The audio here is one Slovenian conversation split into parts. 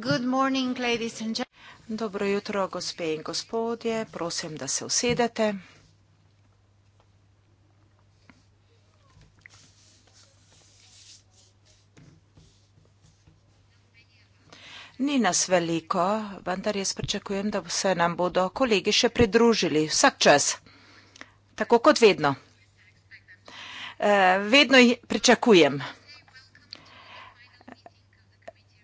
Good morning, ladies and gentlemen. Dobro jutro, gospe in gospodje. Prosim, da se usedete. Ni nas veliko, vendar jaz pričakujem, da se nam bodo kolegi še pridružili vsak čas, tako kot vedno. Eh, vedno pričakujem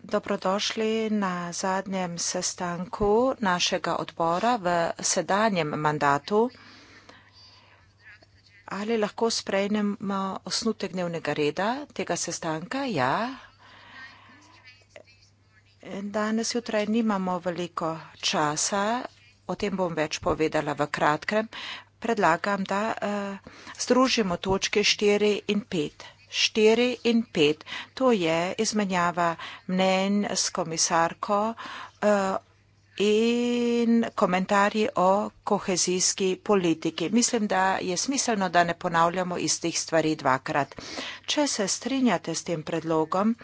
dobrodošli na zadnjem sestanku našega odbora v sedanjem mandatu. Ali lahko sprejnemo osnutek dnevnega reda tega sestanka? Ja. Danes jutraj nimamo veliko časa, o tem bom več povedala v kratkem. Predlagam, da eh, združimo točke 4 in 5. 4 in 5. To je izmenjava mnenj s komisarko uh, in komentarji o kohezijski politiki. Mislim, da je smiselno, da ne ponavljamo istih stvari dvakrat. Če se strinjate s tem predlogom,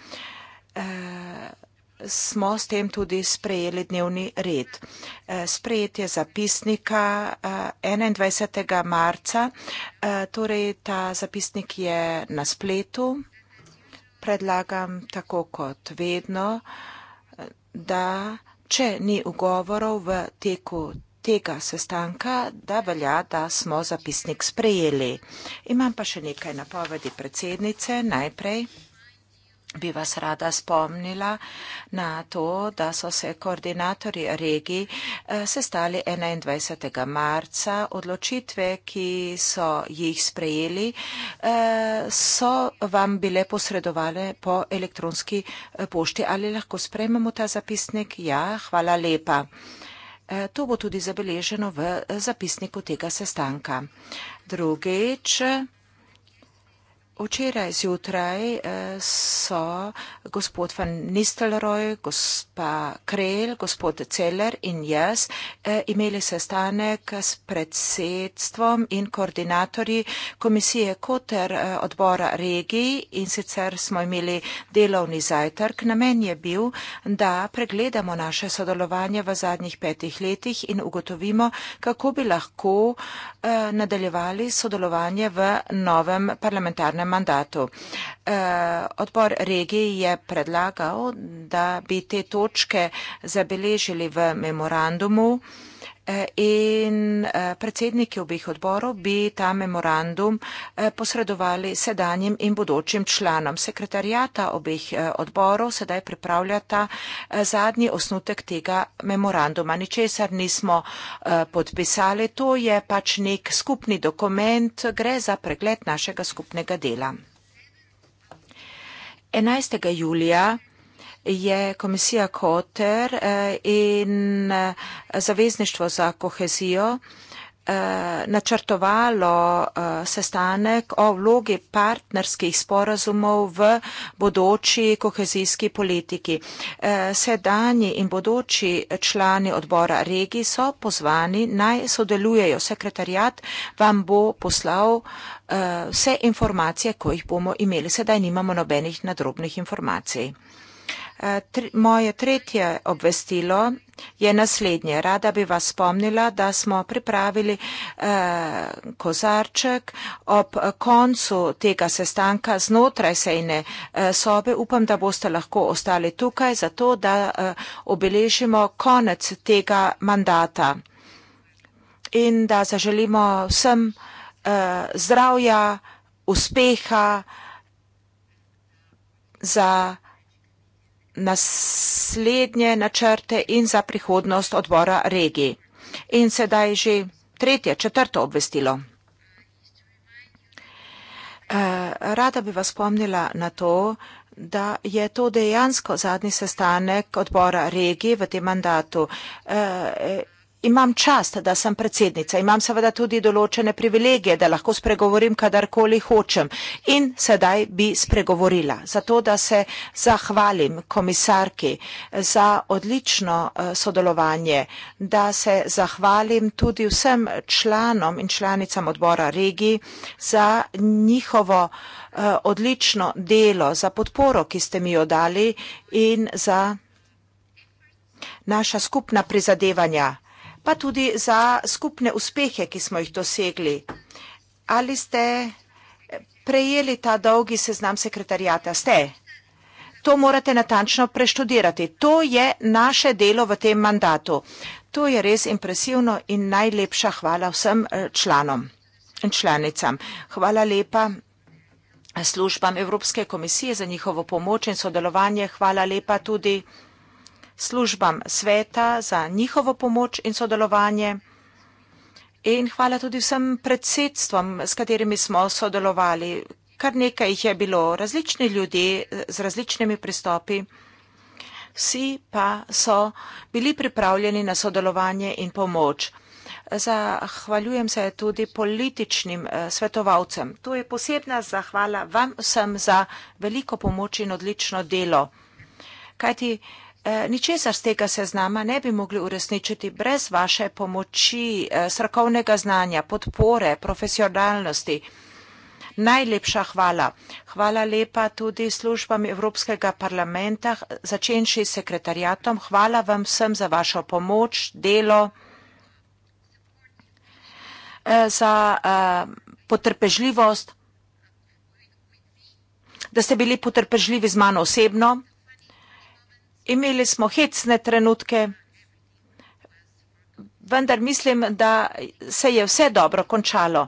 uh, smo s tem tudi sprejeli dnevni red. Eh, Sprejetje zapisnika 21. Eh, marca, eh, torej ta zapisnik je na spletu. Predlagam tako kot vedno, da če ni ugovorov v teku tega sestanka, da velja, da smo zapisnik sprejeli. Imam pa še nekaj napovedi predsednice najprej bi vas rada spomnila na to, da so se koordinatorji regij eh, sestali 21. marca. Odločitve, ki so jih sprejeli, eh, so vam bile posredovale po elektronski eh, pošti. Ali lahko sprejmemo ta zapisnik? Ja, hvala lepa. To bo tudi zabeleženo v zapisniku tega sestanka. Drugič. Včeraj zjutraj eh, so gospod van Nistelrooy, gospa Krel, gospod Celler in jaz eh, imeli sestanek s predsedstvom in koordinatorji komisije Koter eh, odbora regij in sicer smo imeli delovni zajtrk. Namen je bil, da pregledamo naše sodelovanje v zadnjih petih letih in ugotovimo, kako bi lahko nadaljevali sodelovanje v novem parlamentarnem prejšnjem mandatu. Eh, odbor regij je predlagal, da bi te točke zabeležili v memorandumu in eh, predsedniki obeh odborov bi ta memorandum eh, posredovali sedanjim in bodočim članom. Sekretarjata obeh eh, odborov sedaj pripravljata zadnji osnutek tega memoranduma. Ničesar nismo podpisali, to je pač nek skupni dokument, gre za pregled našega skupnega dela. 11. julija je komisija Koter eh, in eh, zavezništvo za kohezijo eh, načrtovalo sestanek o vlogi partnerskih sporazumov v bodoči kohezijski politiki. Sedanji in bodoči člani odbora regij so pozvani naj sodelujejo. Sekretarjat vam bo poslal vse informacije, ko jih bomo imeli. Sedaj nimamo nobenih nadrobnih informacij. Eh, moje tretje obvestilo je naslednje. Rada bi vas spomnila, da smo pripravili eh, kozarček ob koncu tega sestanka znotraj sejne eh, sobe. Upam, da boste lahko ostali tukaj, zato da eh, obeležimo konec tega mandata in da zaželimo vsem eh, zdravja, uspeha za naslednje načrte in za prihodnost odbora regij. In sedaj že tretje, četrto obvestilo. Eh, rada bi vas spomnila na to, da je to dejansko zadnji sestanek odbora regij v tem mandatu. Eh, imam čast, da sem predsednica, imam seveda tudi določene privilegije, da lahko spregovorim kadarkoli hočem in sedaj bi spregovorila. Zato, da se zahvalim komisarki za odlično eh, sodelovanje, da se zahvalim tudi vsem članom in članicam odbora regij za njihovo eh, odlično delo, za podporo, ki ste mi jo dali in za naša skupna prizadevanja pa tudi za skupne uspehe, ki smo jih dosegli. Ali ste prejeli ta dolgi seznam sekretarjata? Ste. To morate natančno preštudirati. To je naše delo v tem mandatu. To je res impresivno in najlepša hvala vsem eh, članom in članicam. Hvala lepa službam Evropske komisije za njihovo pomoč in sodelovanje. Hvala lepa tudi službam sveta za njihovo pomoč in sodelovanje. In hvala tudi vsem predsedstvom, s katerimi smo sodelovali. Kar nekaj jih je bilo, različni ljudje z različnimi pristopi. Vsi pa so bili pripravljeni na sodelovanje in pomoč. Zahvaljujem se tudi političnim eh, svetovalcem. To je posebna zahvala vam vsem za veliko pomoč in odlično delo. Kajti Eh, ničesar z tega seznama ne bi mogli uresničiti brez vaše pomoči, eh, srkovnega znanja, podpore, profesionalnosti. Najlepša hvala. Hvala lepa tudi službam Evropskega parlamenta, začenši s sekretarjatom. Hvala vam vsem za vašo pomoč, delo, eh, za potrpežljivost, da ste bili potrpežljivi z mano osebno. Imeli smo hecne trenutke, vendar mislim, da se je vse dobro končalo.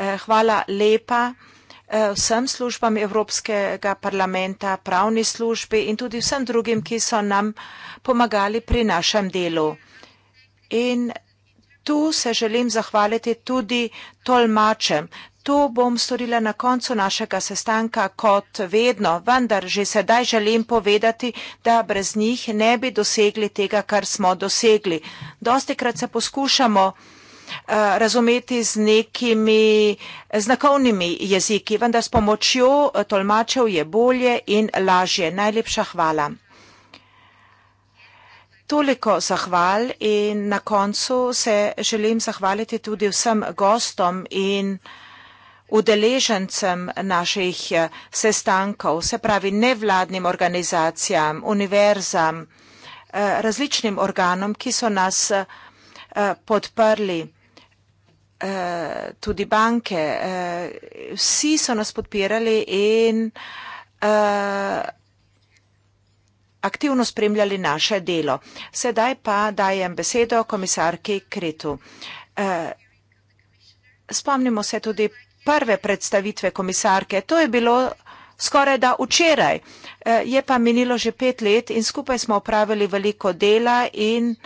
Eh, hvala lepa eh, vsem službam Evropskega parlamenta, pravni službi in tudi vsem drugim, ki so nam pomagali pri našem delu. In Tu se želim zahvaliti tudi tolmačem. To bom storila na koncu našega sestanka kot vedno, vendar že sedaj želim povedati, da brez njih ne bi dosegli tega, kar smo dosegli. Dosti krat se poskušamo eh, razumeti z nekimi eh, znakovnimi jeziki, vendar s pomočjo eh, tolmačev je bolje in lažje. Najlepša hvala. Toliko zahval in na koncu se želim zahvaliti tudi vsem gostom in udeležencem naših eh, sestankov, se pravi nevladnim organizacijam, univerzam, eh, različnim organom, ki so nas eh, podprli, tudi banke. Vsi so nas podpirali in podpirali aktivno spremljali naše delo. Sedaj pa dajem besedo komisarki Kretu. Eh, spomnimo se tudi prve predstavitve komisarke. To je bilo skoraj da včeraj. Eh, je pa minilo že pet let in skupaj smo opravili veliko dela in eh,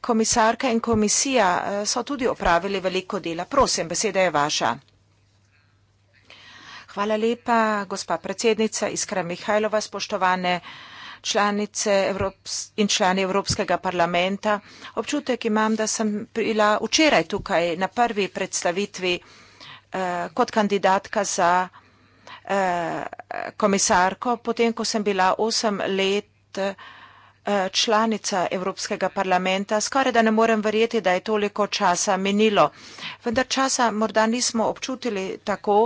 komisarka in komisija so tudi opravili veliko dela. Prosim, beseda je vaša. Hvala lepa, gospa predsednica Iskra Mihajlova, spoštovane komisarke članice Evrops in člani Evropskega parlamenta. Občutek imam, da sem bila včeraj tukaj na prvi predstavitvi eh, kot kandidatka za eh, komisarko, potem ko sem bila osem let eh, članica Evropskega parlamenta. Skoraj da ne morem verjeti, da je toliko časa minilo. Vendar časa morda nismo občutili tako,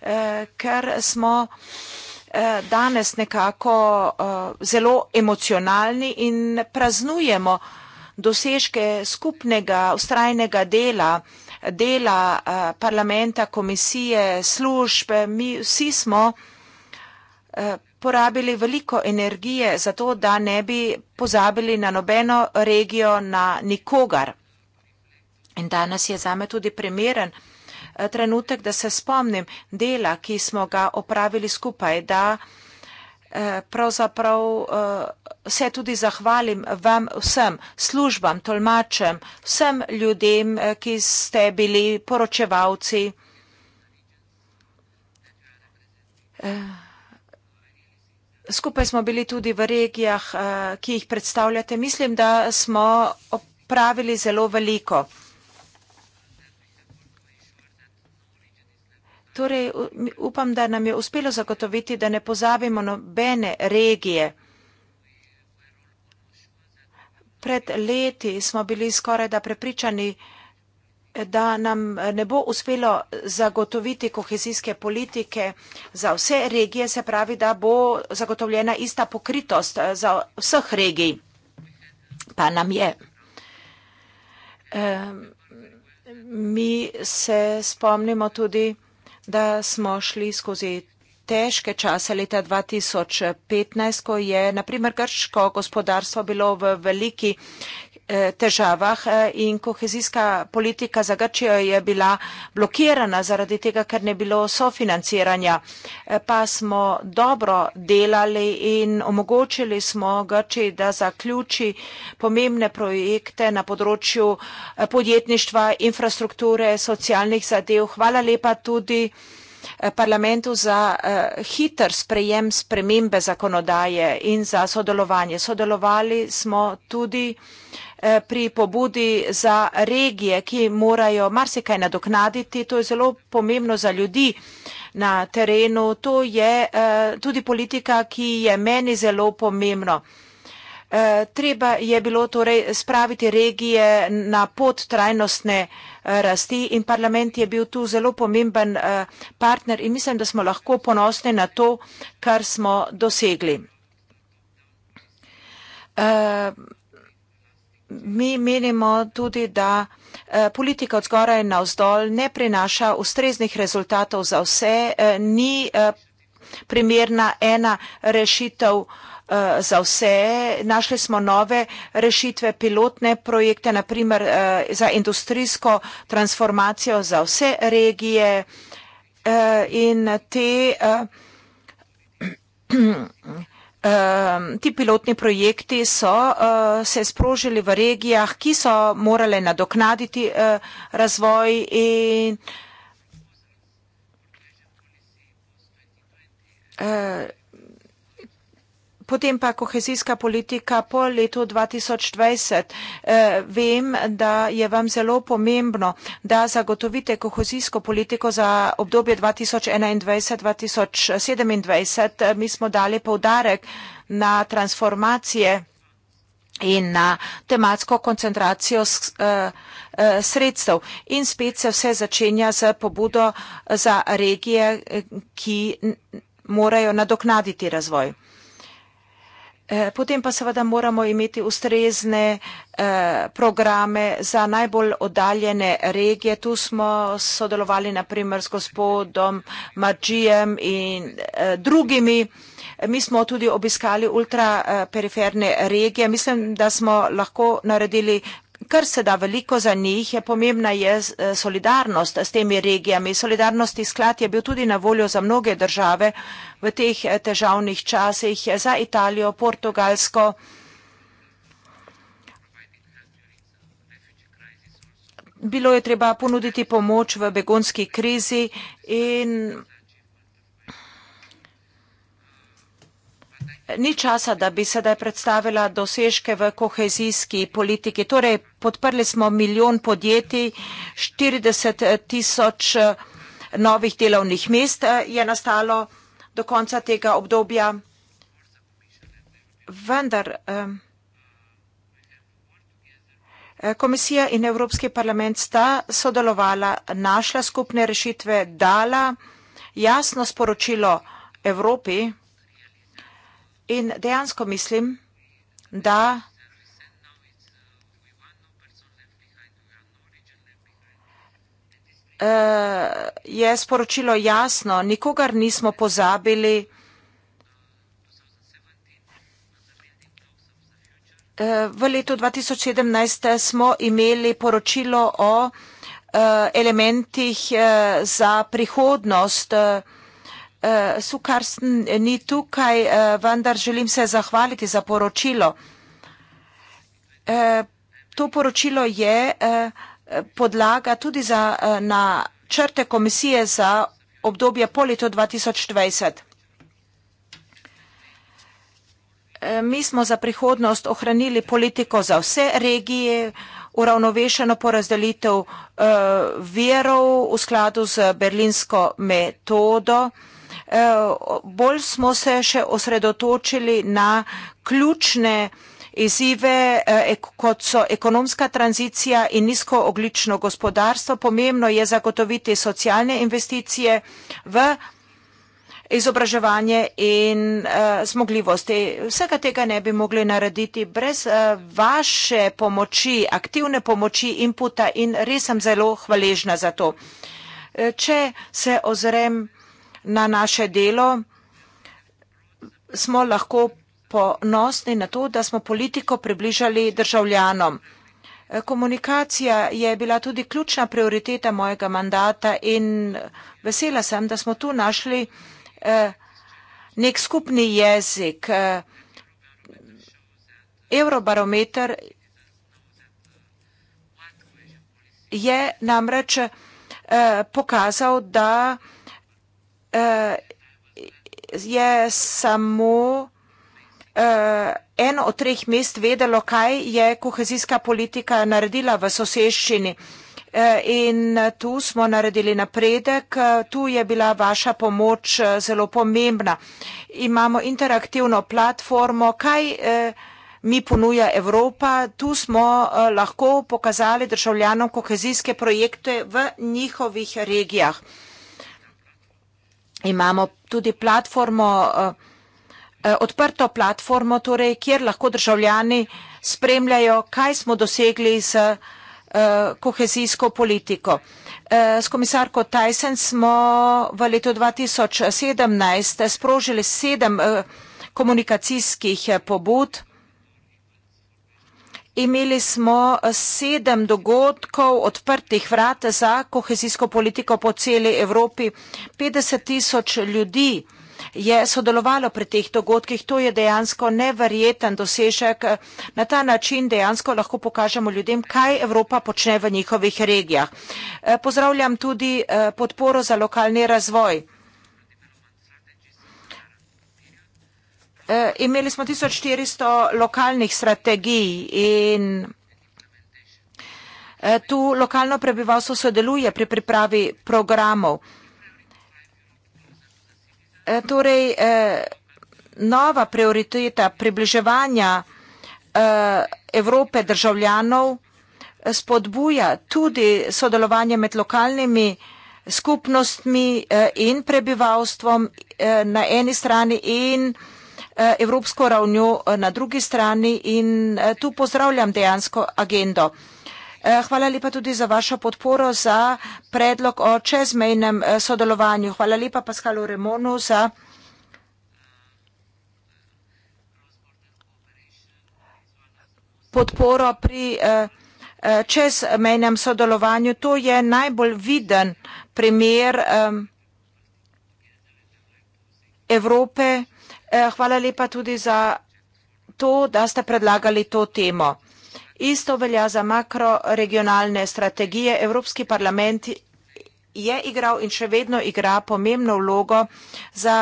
eh, ker smo Eh, danes nekako eh, zelo emocionalni in praznujemo dosežke skupnega ustrajnega dela, dela eh, parlamenta, komisije, služb. Mi vsi smo porabili veliko energije za to, da ne bi pozabili na nobeno regijo, na nikogar. In danes je zame tudi primeren trenutek, da se spomnim dela, ki smo ga opravili skupaj, da eh, pravzaprav eh, se tudi zahvalim vam vsem službam, tolmačem, vsem ljudem, eh, ki ste bili poročevalci. Skupaj smo bili tudi v regijah, ki jih predstavljate. Mislim, da smo opravili zelo veliko. torej upam, da nam je uspelo zagotoviti, da ne pozabimo nobene regije. Pred leti smo bili skoraj da prepričani, da nam ne bo uspelo zagotoviti kohezijske politike za vse regije, se pravi, da bo zagotovljena ista pokritost eh, za vseh regij. Pa nam je. Mi se spomnimo tudi, da smo šli skozi težke čase leta 2015, ko je naprimer grško gospodarstvo bilo v veliki Eh, težavah eh, in kohezijska politika za Grčijo je bila blokirana zaradi tega, ker ne bilo sofinanciranja. Eh, pa smo dobro delali in omogočili smo Grčiji, da zaključi pomembne projekte na področju podjetništva, infrastrukture, socialnih zadev. Hvala lepa tudi parlamentu za uh, hiter sprejem spremembe zakonodaje in za sodelovanje. Sodelovali smo tudi uh, Eh, pri pobudi za regije, ki morajo marsikaj nadoknaditi. To je zelo pomembno za ljudi na terenu. To je eh, tudi politika, ki je meni zelo pomembno. Eh, treba je bilo torej spraviti regije na pot trajnostne rasti in parlament je bil tu zelo pomemben partner in mislim, da smo lahko ponosni na to, kar smo dosegli mi menimo tudi, da eh, politika od zgoraj na vzdolj ne prinaša ustreznih rezultatov za vse, eh, ni eh, primerna ena rešitev za vse. Našli smo nove rešitve, pilotne projekte, naprimer za industrijsko transformacijo za vse regije in te rešitve, Um, ti pilotni projekti so uh, se sprožili v regijah, ki so morale nadoknaditi uh, razvoj in uh, Potem pa kohezijska politika po letu 2020. Eh, vem, da je vam zelo pomembno, da zagotovite kohezijsko politiko za obdobje 2021-2027. Eh, mi smo dali povdarek na transformacije in na tematsko koncentracijo eh, sredstev. In spet se vse začenja z pobudo za regije, ki morajo nadoknaditi razvoj. Eh, potem pa seveda moramo imeti ustrezne eh, programe za najbolj oddaljene regije. Tu smo sodelovali naprimer s gospodom Marđijem in eh, drugimi. Mi smo tudi obiskali ultraperiferne regije. Mislim, da smo lahko naredili kar se da veliko za njih, je pomembna je eh, solidarnost s temi regijami. Solidarnosti sklad je bil tudi na voljo za mnoge države v teh eh, težavnih časih, eh, za Italijo, Portugalsko. Bilo je treba ponuditi pomoč v begonski krizi in ni časa, da bi sedaj predstavila dosežke v kohezijski politiki. Torej, podprli smo milijon podjetij, 40 tisoč novih delovnih mest je nastalo do konca tega obdobja. Vendar komisija in Evropski parlament sta sodelovala, našla skupne rešitve, dala jasno sporočilo Evropi, In dejansko mislim, da eh, je sporočilo jasno, nikogar nismo pozabili. Eh, v letu 2017 smo imeli poročilo o eh, elementih za prihodnost, ki je vse uh, sukar ni tukaj, uh, vendar želim se zahvaliti za poročilo. Uh, to poročilo je uh, podlaga tudi za uh, na črte komisije za obdobje po letu 2020. Mi smo za prihodnost ohranili politiko za vse regije, uravnovešeno porazdelitev uh, verov v skladu z berlinsko metodo. Uh, Eh, bolj smo se še osredotočili na ključne izzive, eh, kot so ekonomska tranzicija in nizkooglično gospodarstvo. Pomembno je zagotoviti socialne investicije v izobraževanje in eh, zmogljivosti. Vsega tega ne bi mogli narediti brez vaše pomoči, aktivne pomoči, inputa in res sem zelo hvaležna za to. Če se ozrem vsega, na naše delo, smo lahko ponosni na to, da smo politiko približali državljanom. Komunikacija je bila tudi ključna prioriteta mojega mandata in vesela sem, da smo tu našli eh, nek skupni jezik. Eh, Eurobarometer je namreč eh, pokazal, da je uh, je samo uh, eno od treh mest vedelo, kaj je kohezijska politika naredila v soseščini. Eh, in tu smo naredili napredek, tu je bila vaša pomoč zelo pomembna. Imamo interaktivno platformo, kaj mi ponuja Evropa. Tu smo lahko pokazali državljanom kohezijske projekte v njihovih regijah imamo tudi platformo, eh, eh, odprto platformo, torej, kjer lahko državljani spremljajo, kaj smo dosegli z eh, kohezijsko politiko. S komisarko Tyson smo v letu 2017 sprožili sedem komunikacijskih pobud, Imeli smo eh, sedem dogodkov odprtih vrat za kohezijsko politiko po celi Evropi. 50 tisoč ljudi je sodelovalo pri teh dogodkih. To je dejansko neverjeten dosežek. Na ta način dejansko lahko pokažemo ljudem, kaj Evropa počne v njihovih regijah. Eh, pozdravljam tudi eh, podporo za lokalni razvoj. Eh, imeli smo 1400 lokalnih strategij in eh, tu lokalno prebivalstvo sodeluje pri pripravi programov. Eh, torej, nova prioriteta približevanja Evrope državljanov spodbuja tudi sodelovanje med lokalnimi skupnostmi in prebivalstvom na eni strani in prebivalstvom. Eh, evropsko ravnjo eh, na drugi strani in eh, tu pozdravljam dejansko agendo. Hvala lepa tudi za vašo podporo za predlog o čezmejnem sodelovanju. Hvala lepa Paskalu Remonu za podporo pri čezmejnem sodelovanju. To je najbolj viden primer Evrope, ki je Eh, hvala lepa tudi za to, da ste predlagali to temo. Isto velja za makroregionalne strategije. Evropski parlament je igral in še vedno igra pomembno vlogo za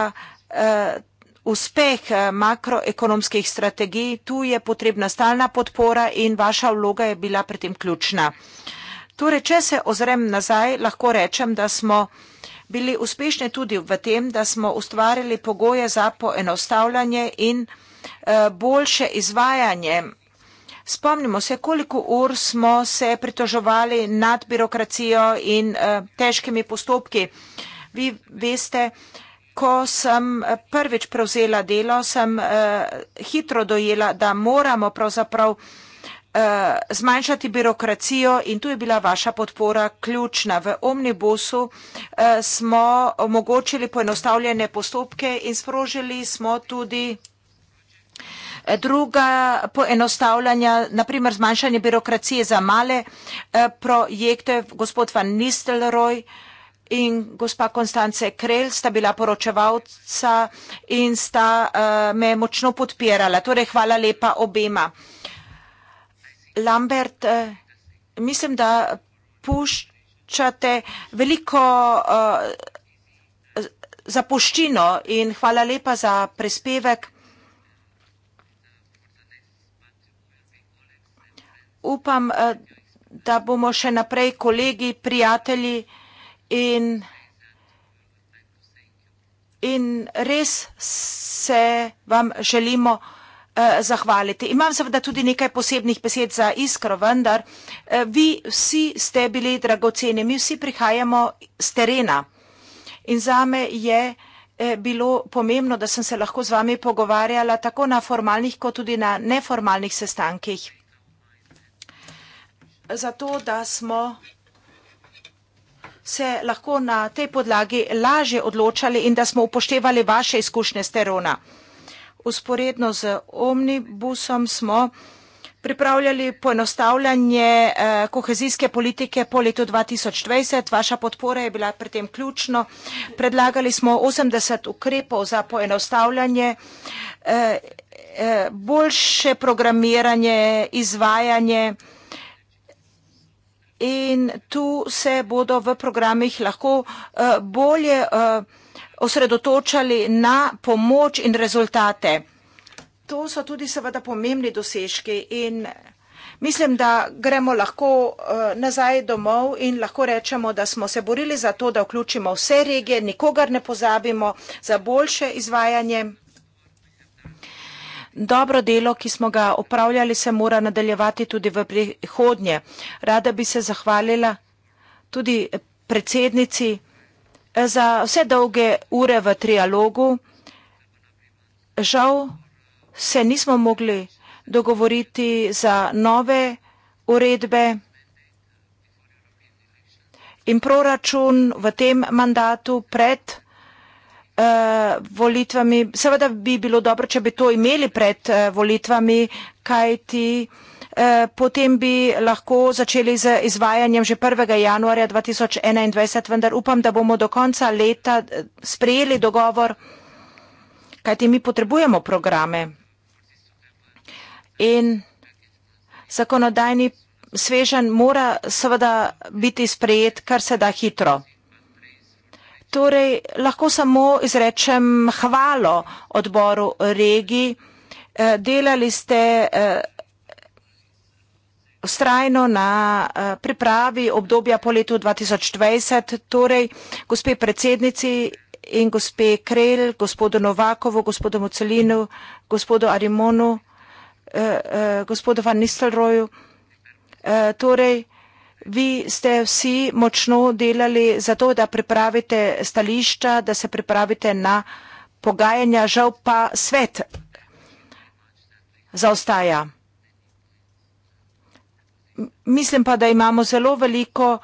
eh, uspeh eh, makroekonomskih strategij. Tu je potrebna stalna podpora in vaša vloga je bila pri tem ključna. Torej, če se ozrem nazaj, lahko rečem, da smo bili uspešni tudi v tem, da smo ustvarili pogoje za poenostavljanje in eh, boljše izvajanje. Spomnimo se, koliko ur smo se pritoževali nad birokracijo in eh, težkimi postopki. Vi veste, ko sem eh, prvič prevzela delo, sem hitro dojela, da moramo pravzaprav Eh, zmanjšati birokracijo in tu je bila vaša podpora ključna. V omnibusu eh, smo omogočili poenostavljene postopke in sprožili smo tudi eh, druga poenostavljanja, naprimer zmanjšanje birokracije za male projekte, gospod Van Nistelrooy in gospa Konstance Krel sta bila poročevalca in sta me močno podpirala. Torej, hvala lepa obema. Lambert, eh, mislim, da puščate veliko eh, zapuščino in hvala lepa za prispevek. Upam, eh, da bomo še naprej kolegi, prijatelji in, in res se vam želimo vsega. Eh, zahvaliti. Imam seveda tudi nekaj posebnih besed za iskro, vendar eh, vi vsi ste bili dragoceni, mi vsi prihajamo z terena in zame je eh, bilo pomembno, da sem se lahko z vami pogovarjala tako na formalnih kot tudi na neformalnih sestankih. Zato, da smo se lahko na tej podlagi lažje odločali in da smo upoštevali vaše izkušnje s terena usporedno z omnibusom smo pripravljali poenostavljanje eh, kohezijske politike po letu 2020. Vaša podpora je bila pri tem ključno. Predlagali smo 80 ukrepov za poenostavljanje, eh, eh, boljše programiranje, izvajanje in tu se bodo v programih lahko bolje vsega, osredotočali na pomoč in rezultate. To so tudi seveda pomembni dosežki in mislim, da gremo lahko eh, nazaj domov in lahko rečemo, da smo se borili za to, da vključimo vse regije, nikogar ne pozabimo za boljše izvajanje. Dobro delo, ki smo ga upravljali, se mora nadaljevati tudi v prihodnje. Rada bi se zahvalila tudi predsednici za vse dolge ure v trialogu. Žal se nismo mogli dogovoriti za nove uredbe in proračun v tem mandatu pred eh, volitvami. Seveda bi bilo dobro, če bi to imeli pred eh, volitvami, kajti Eh, potem bi lahko začeli z izvajanjem že 1. januarja 2021, vendar upam, da bomo do konca leta eh, sprejeli dogovor, kajti mi potrebujemo programe. In zakonodajni svežen mora seveda biti sprejet kar se da hitro. Torej, lahko samo izrečem hvalo odboru regiji. Eh, delali ste Vztrajno na eh, pripravi obdobja po letu 2020, torej gospe predsednici in gospe Krel, gospodu Novakovu, gospodu Mocelinu, gospodu Arimonu, eh, eh, gospodu Van Nistelroju. Torej, vi ste vsi močno delali za to, da pripravite stališča, da se pripravite na pogajanja, žal pa svet zaostaja mislim pa, da imamo zelo veliko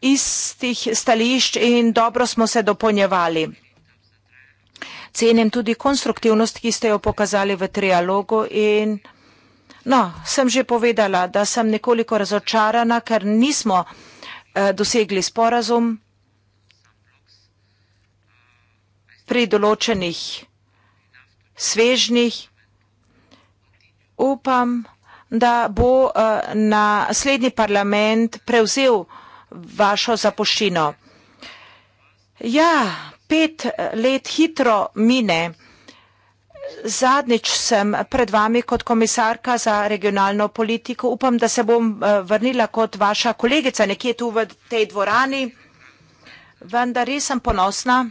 istih stališč in dobro smo se dopolnjevali. Cenim tudi konstruktivnost, ki ste jo pokazali v trialogu in no, sem že povedala, da sem nekoliko razočarana, ker nismo eh, dosegli sporazum pri določenih svežnih. Upam, da bo eh, naslednji parlament prevzel vašo zapoščino. Ja, pet let hitro mine. Zadnjič sem pred vami kot komisarka za regionalno politiko. Upam, da se bom eh, vrnila kot vaša kolegica nekje tu v tej dvorani. Vendar res sem ponosna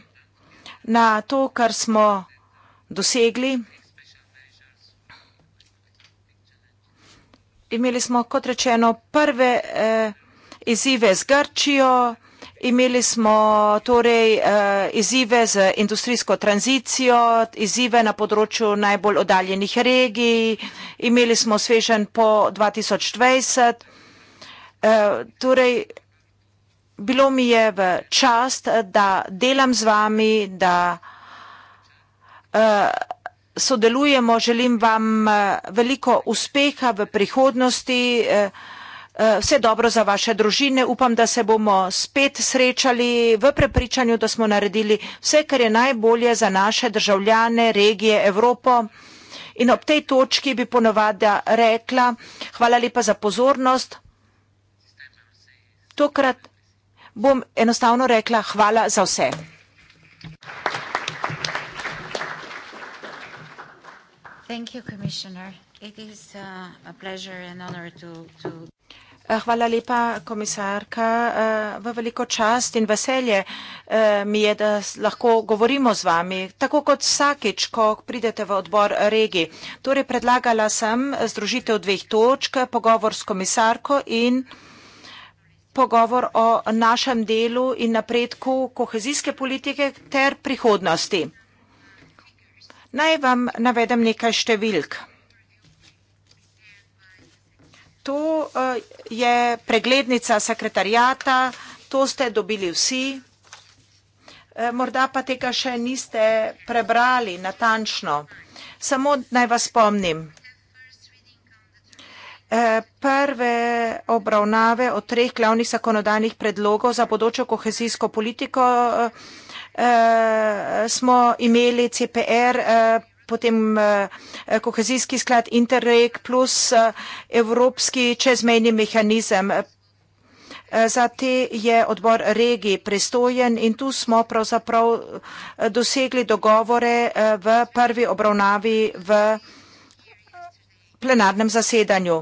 na to, kar smo dosegli. imeli smo, kot rečeno, prve eh, izzive z Grčijo, imeli smo torej eh, izzive z industrijsko tranzicijo, izzive na področju najbolj oddaljenih regij, imeli smo svežen po 2020. Eh, torej, bilo mi je v čast, da delam z vami, da. Eh, sodelujemo, želim vam eh, veliko uspeha v prihodnosti, eh, eh, vse dobro za vaše družine, upam, da se bomo spet srečali v prepričanju, da smo naredili vse, kar je najbolje za naše državljane, regije, Evropo. In ob tej točki bi ponovada rekla, hvala lepa za pozornost. Tokrat bom enostavno rekla hvala za vse. Thank you. Thank you, commissioner. It is uh, a pleasure and honor to, to eh, Hvala lepa, komisarka. Eh, v veliko čast in veselje eh, mi je, da lahko govorimo z vami, tako kot vsakič, ko pridete v odbor regi. Torej, predlagala sem združitev dveh točk, pogovor s komisarko in pogovor o našem delu in napredku kohezijske politike ter prihodnosti. Naj vam navedem nekaj številk. To eh, je preglednica sekretarjata, to ste dobili vsi. Eh, morda pa tega še niste prebrali natančno. Samo naj vas spomnim. Eh, prve obravnave o treh glavnih zakonodajnih predlogov za bodočo kohezijsko politiko 2014-2020 Eh, smo imeli CPR, eh, potem eh, kohezijski sklad Interreg plus evropski čezmejni mehanizem. Za te je odbor regij pristojen in tu smo pravzaprav dosegli dogovore v prvi obravnavi v plenarnem zasedanju.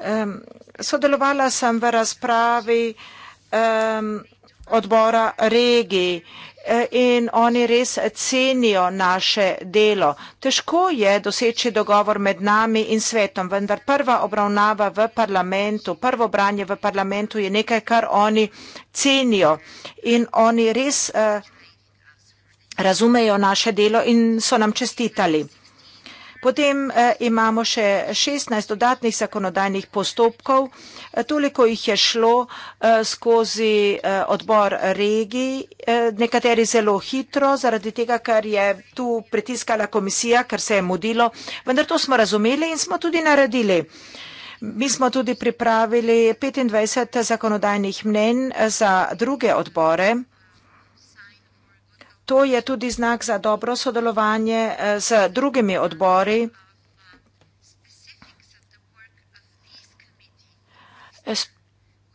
Ehm, sodelovala sem v razpravi. Ehm, odbora regij eh, in oni res cenijo naše delo. Težko je doseči dogovor med nami in svetom, vendar prva obravnava v parlamentu, prvo branje v parlamentu je nekaj, kar oni cenijo in oni res eh, razumejo naše delo in so nam čestitali. Potem eh, imamo še 16 dodatnih zakonodajnih postopkov, toliko jih je šlo eh, skozi eh, odbor regij, eh, nekateri zelo hitro, zaradi tega, ker je tu pritiskala komisija, ker se je mudilo, vendar to smo razumeli in smo tudi naredili. Mi smo tudi pripravili 25 zakonodajnih mnen za druge odbore. To je tudi znak za dobro sodelovanje z drugimi odbori.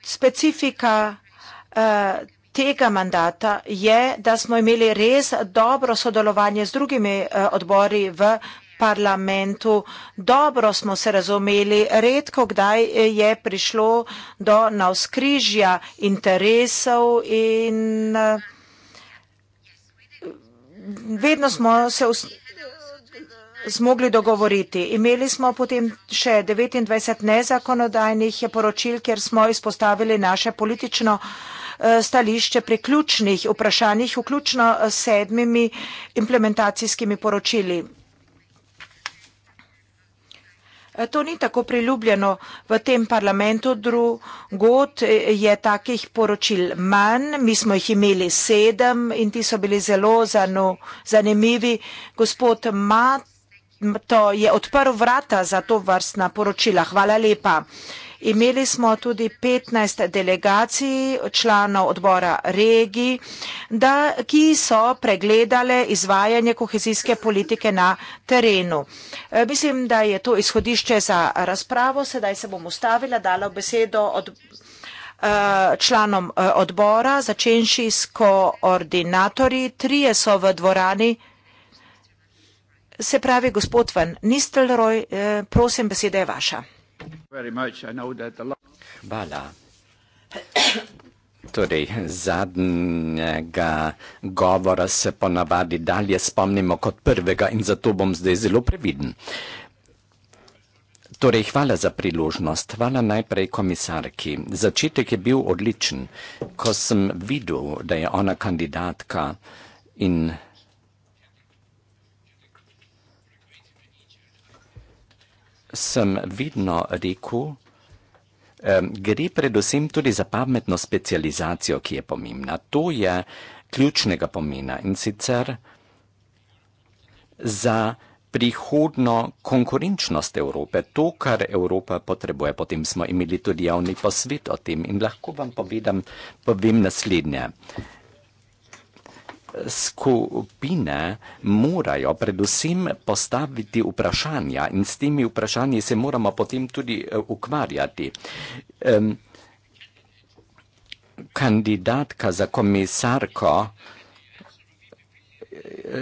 specifika eh, tega mandata je, da smo imeli res dobro sodelovanje z drugimi eh, odbori v parlamentu. Dobro smo se razumeli, redko kdaj eh, je prišlo do navskrižja interesov in vedno smo se ustavili zmogli dogovoriti. Imeli smo potem še 29 nezakonodajnih poročil, kjer smo izpostavili naše politično eh, stališče pri ključnih vprašanjih, vključno s sedmimi implementacijskimi poročili. Eh, to ni tako priljubljeno v tem parlamentu, drugod eh, je takih poročil manj, mi smo jih imeli sedem in ti so bili zelo zanimivi. Gospod Mat to je odprl vrata za to vrstna poročila. Hvala lepa. Imeli smo tudi 15 delegacij članov odbora regij, da, ki so pregledale izvajanje kohezijske politike na terenu. E, mislim, da je to izhodišče za razpravo. Sedaj se bom ustavila, dala besedo od e, članom e, odbora, začenši s koordinatorji. Trije so v dvorani. Se pravi, gospod Van Nistelrooy, eh, prosim, beseda je vaša. Hvala. Torej, zadnjega govora se ponavadi dalje spomnimo kot prvega in zato bom zdaj zelo previden. Torej, hvala za priložnost, hvala najprej komisarki. Začetek je bil odličen, ko sem videl, da je ona kandidatka in. sem vedno rekel, gre predvsem tudi za pametno specializacijo, ki je pomembna. To je ključnega pomena in sicer za prihodno konkurenčnost Evrope, to, kar Evropa potrebuje. Potem smo imeli tudi javni posvet o tem in lahko vam povedam, povem naslednje skupine morajo predvsem postaviti vprašanja in s temi vprašanji se moramo potem tudi eh, ukvarjati. Kandidatka za komisarko eh,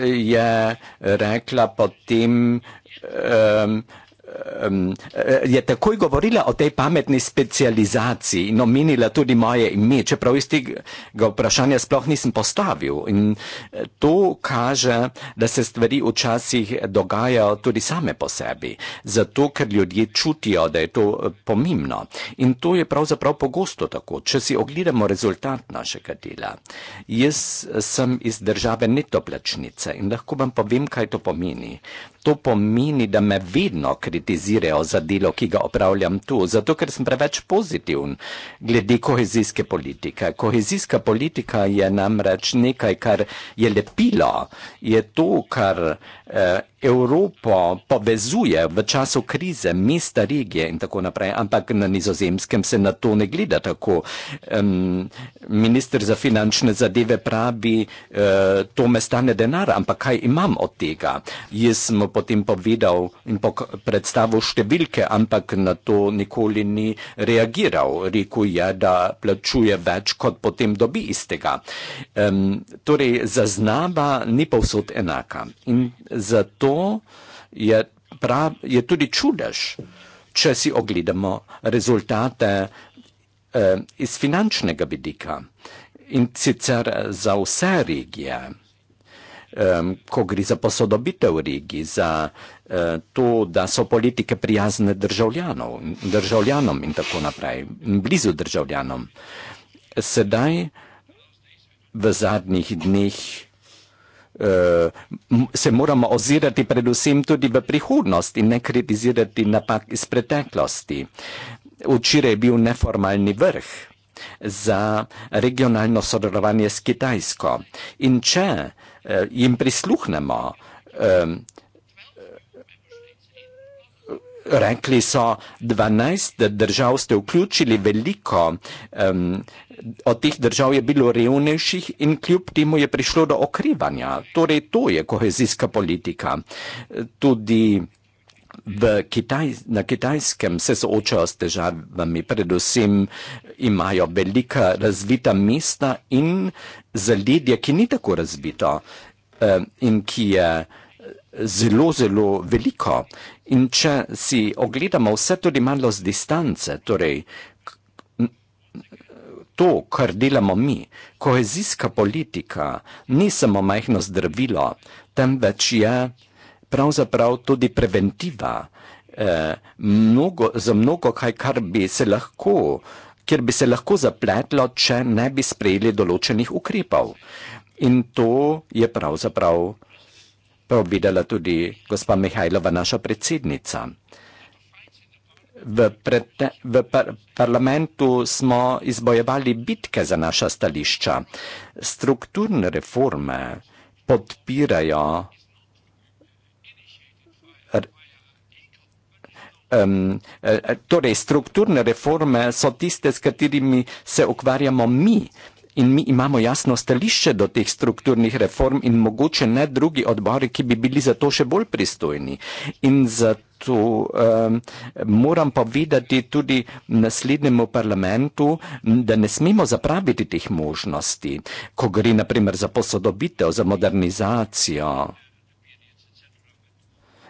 je rekla potem vprašanja, Eh, je takoj govorila o tej pametni specializaciji no, in omenila tudi moje ime, čeprav iz tega vprašanja sploh nisem postavil. In eh, to kaže, da se stvari včasih dogajajo tudi same po sebi, zato ker ljudje čutijo, da je to eh, pomembno. In to je pravzaprav pogosto tako, če si ogledamo rezultat našega dela. Jaz sem iz države netoplačnice in lahko vam povem, kaj to pomeni. To pomeni, da me vedno kritizirajo kritizirajo za delo, ki ga opravljam tu, zato ker sem preveč pozitiven glede kohezijske politike. Kohezijska politika je namreč nekaj, kar je lepilo, je to, kar eh, Evropo povezuje v času krize, mesta, regije in tako naprej, ampak na nizozemskem se na to ne gleda tako. Um, minister za finančne zadeve pravi, uh, to me stane denar, ampak kaj imam od tega? Jaz sem potem povedal in pok predstavil številke, ampak na to nikoli ni reagiral. Rekl je, da plačuje več, kot potem dobi iz tega. Um, torej, zaznava ni povsod enaka in zato to je, prav, je tudi čudež, če si ogledamo rezultate eh, iz finančnega vidika in sicer za vse regije, eh, ko gre za posodobitev regij, za eh, to, da so politike prijazne državljanov, državljanom in tako naprej, blizu državljanom. Sedaj v zadnjih dneh Eh, se moramo ozirati predvsem tudi v prihodnost in ne kritizirati napak iz preteklosti. Včeraj je bil neformalni vrh za regionalno sodelovanje s Kitajsko. In če eh, jim prisluhnemo, eh, rekli so, 12 držav ste vključili veliko, um, od teh držav je bilo revnejših in kljub temu je prišlo do okrevanja. Torej, to je kohezijska politika. Tudi Kitaj, na kitajskem se soočajo s težavami, predvsem imajo velika razvita mesta in zaledje, ki ni tako razvito um, in ki je zelo, zelo veliko. In če si ogledamo vse tudi malo z distance, torej to, kar delamo mi, kohezijska politika ni samo majhno zdravilo, temveč je pravzaprav tudi preventiva eh, mnogo, za mnogo kaj, kar bi se lahko, kjer bi se lahko zapletlo, če ne bi sprejeli določenih ukrepov. In to je pravzaprav prav videla tudi gospa Mihajlova, naša predsednica. V, pred, v par, parlamentu smo izbojevali bitke za naša stališča. Strukturne reforme podpirajo Um, torej, strukturne reforme so tiste, s katerimi se ukvarjamo mi, in mi imamo jasno stališče do teh strukturnih reform in mogoče ne drugi odbori, ki bi bili za to še bolj pristojni. In zato um, moram povedati tudi naslednjemu parlamentu, da ne smemo zapraviti teh možnosti, ko gre naprimer za posodobitev, za modernizacijo.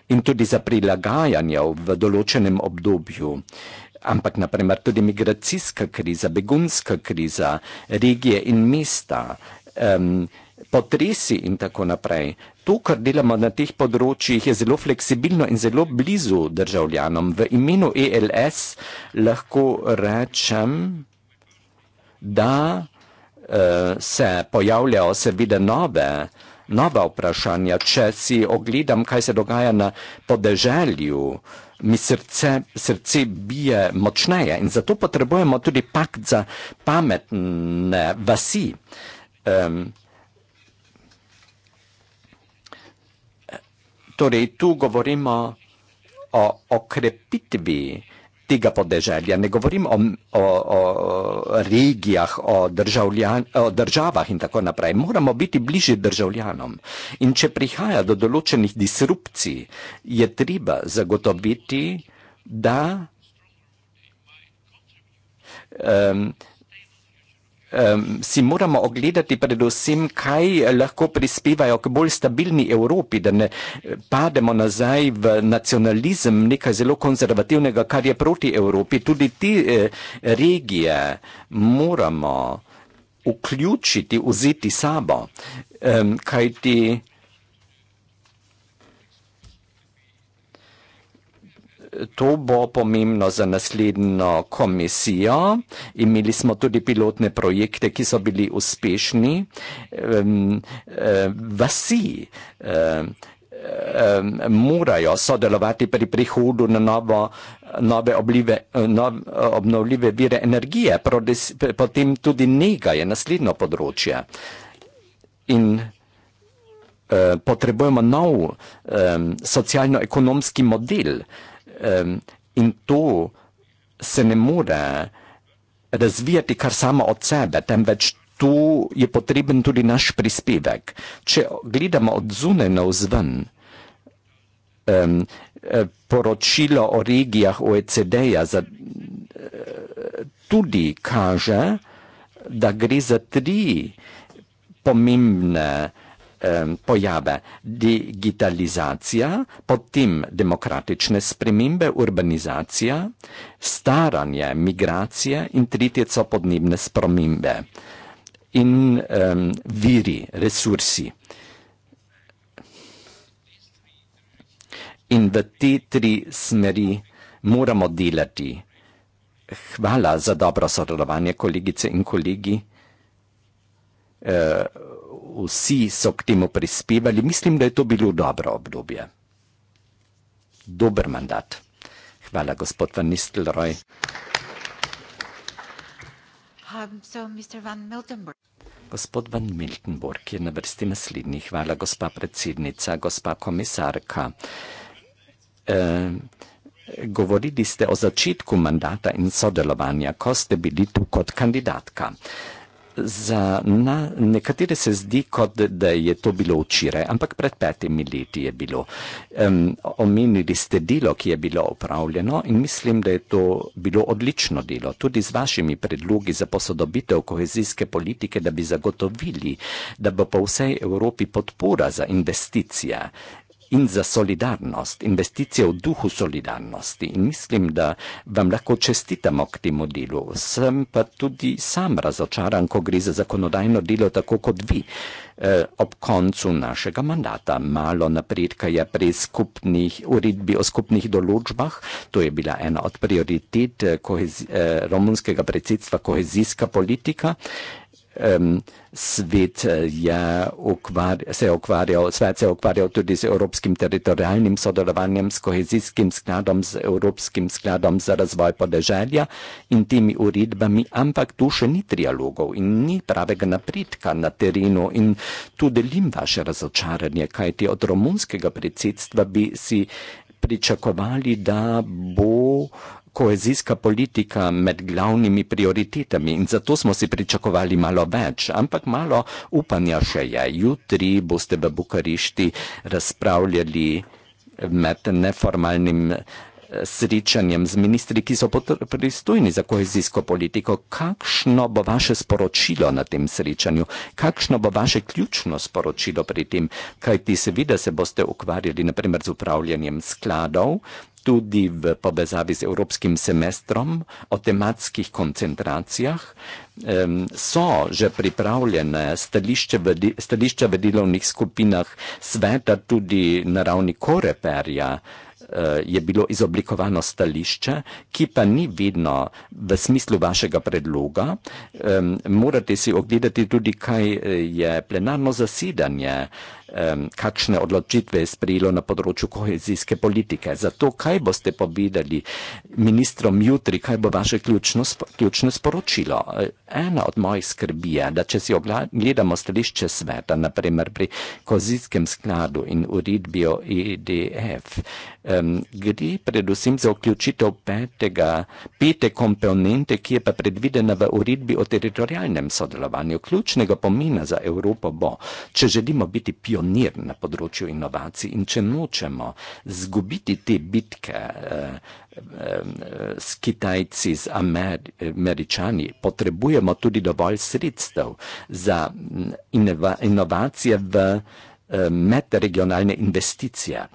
In tudi za prilagajanje v določenem obdobju. Uh, ampak naprimer tudi migracijska kriza, begunska kriza, regije in mesta, um, potresi in tako naprej. To, kar delamo na teh področjih, je zelo fleksibilno in zelo blizu državljanom. V imenu ELS lahko rečem, da uh, se pojavljajo seveda nove. Nova vprašanja, če si ogledam, kaj se dogaja na podeželju, uh, mi srce, srce bije močneje in zato potrebujemo tudi pakt za pametne vasi. Um, torej, tu govorimo o okrepitvi tega podeželja. Ne govorim o, o, o regijah, o, državljan, o državah in tako naprej. Moramo biti bliže državljanom. In če prihaja do določenih disrupcij, je treba zagotoviti, da. Um, si moramo ogledati predvsem, kaj lahko prispevajo k bolj stabilni Evropi, da ne eh, pademo nazaj v nacionalizem nekaj zelo konzervativnega, kar je proti Evropi. Tudi te eh, regije moramo vključiti, vzeti sabo, kaj ti. to bo pomembno za naslednjo komisijo. Imeli smo tudi pilotne projekte, ki so bili uspešni. Um, uh, vasi um, um, morajo sodelovati pri prihodu na novo, nove oblive, nov, obnovljive vire energije, prodes, potem tudi nega je naslednjo področje. In eh, Potrebujemo nov um, socialno-ekonomski model, uh, um, in to se ne more razvijati kar samo od sebe, temveč tu je potreben tudi naš prispevek. Če gledamo od zunaj na vzven, um, ehm, eh, poročilo o regijah OECD-ja za, eh, tudi kaže, da gre za tri pomembne pojave digitalizacija, potem demokratične spremembe, urbanizacija, staranje, migracija in tretje so podnebne spremembe in um, viri, resursi. In v te tri smeri moramo delati. Hvala za dobro sodelovanje, kolegice in kolegi. Uh, vsi so k temu prispevali, mislim, da je to bilo dobro obdobje. Dober mandat. Hvala, gospod Van Nistelrooy. Um, so, gospod Van Miltenburg je na vrsti naslednji. Hvala, gospa predsednica, gospa komisarka. E, govorili ste o začetku mandata in sodelovanja, ko ste bili tu kot kandidatka za na, nekatere se zdi, kot da je to bilo včeraj, ampak pred petimi leti je bilo. Um, omenili ste delo, ki je bilo upravljeno in mislim, da je to bilo odlično delo. Tudi z vašimi predlogi za posodobitev kohezijske politike, da bi zagotovili, da bo po vsej Evropi podpora za investicije in za solidarnost, investicije v duhu solidarnosti. In mislim, da vam lahko čestitamo k temu delu. Sem pa tudi sam razočaran, ko gre za zakonodajno delo, tako kot vi. E, ob koncu našega mandata malo napredka je pri skupnih uredbi o skupnih določbah. To je bila ena od prioritet eh, kohezi, e, eh, romunskega predsedstva kohezijska politika um, svet eh, je ukvarjal, se je ukvarjal, svet se je ukvarjal tudi z evropskim teritorijalnim sodelovanjem, s kohezijskim skladom, z evropskim skladom za razvoj podeželja in temi uredbami, ampak tu še ni trialogov in ni pravega napredka na terenu in tu delim vaše razočaranje, kaj ti od romunskega predsedstva bi si pričakovali, da bo uh, kohezijska politika med glavnimi prioritetami in zato smo si pričakovali malo več, ampak malo upanja še je. Jutri boste v Bukarišti razpravljali med neformalnim eh, srečanjem z ministri, ki so pristojni za kohezijsko politiko. Kakšno bo vaše sporočilo na tem srečanju? Kakšno bo vaše ključno sporočilo pri tem? Kaj ti seveda se boste ukvarjali, naprimer, z upravljanjem skladov, tudi v povezavi z evropskim semestrom o tematskih koncentracijah. So že pripravljene stališča v delovnih skupinah sveta tudi na ravni koreperja, e, je bilo izoblikovano stališče, ki pa ni vedno v smislu vašega predloga. Morate si ogledati tudi, kaj e, je plenarno zasedanje kakšne odločitve je sprejelo na področju kohezijske politike. Zato, kaj boste povedali ministrom jutri, kaj bo vaše ključno, ključno sporočilo? Ena od mojih skrbi je, da če si ogledamo stališče sveta, naprimer pri kohezijskem skladu in uredbi o EDF, gre predvsem za vključitev petega, pete komponente, ki je pa predvidena v uredbi o teritorijalnem sodelovanju. Ključnega pomena za Evropo bo, če želimo biti pionirji, pionir na področju inovacij in če nočemo zgubiti te bitke eh, eh, s Kitajci, z Američani, potrebujemo tudi dovolj sredstev za mm, inovacije v eh, medregionalne investicije.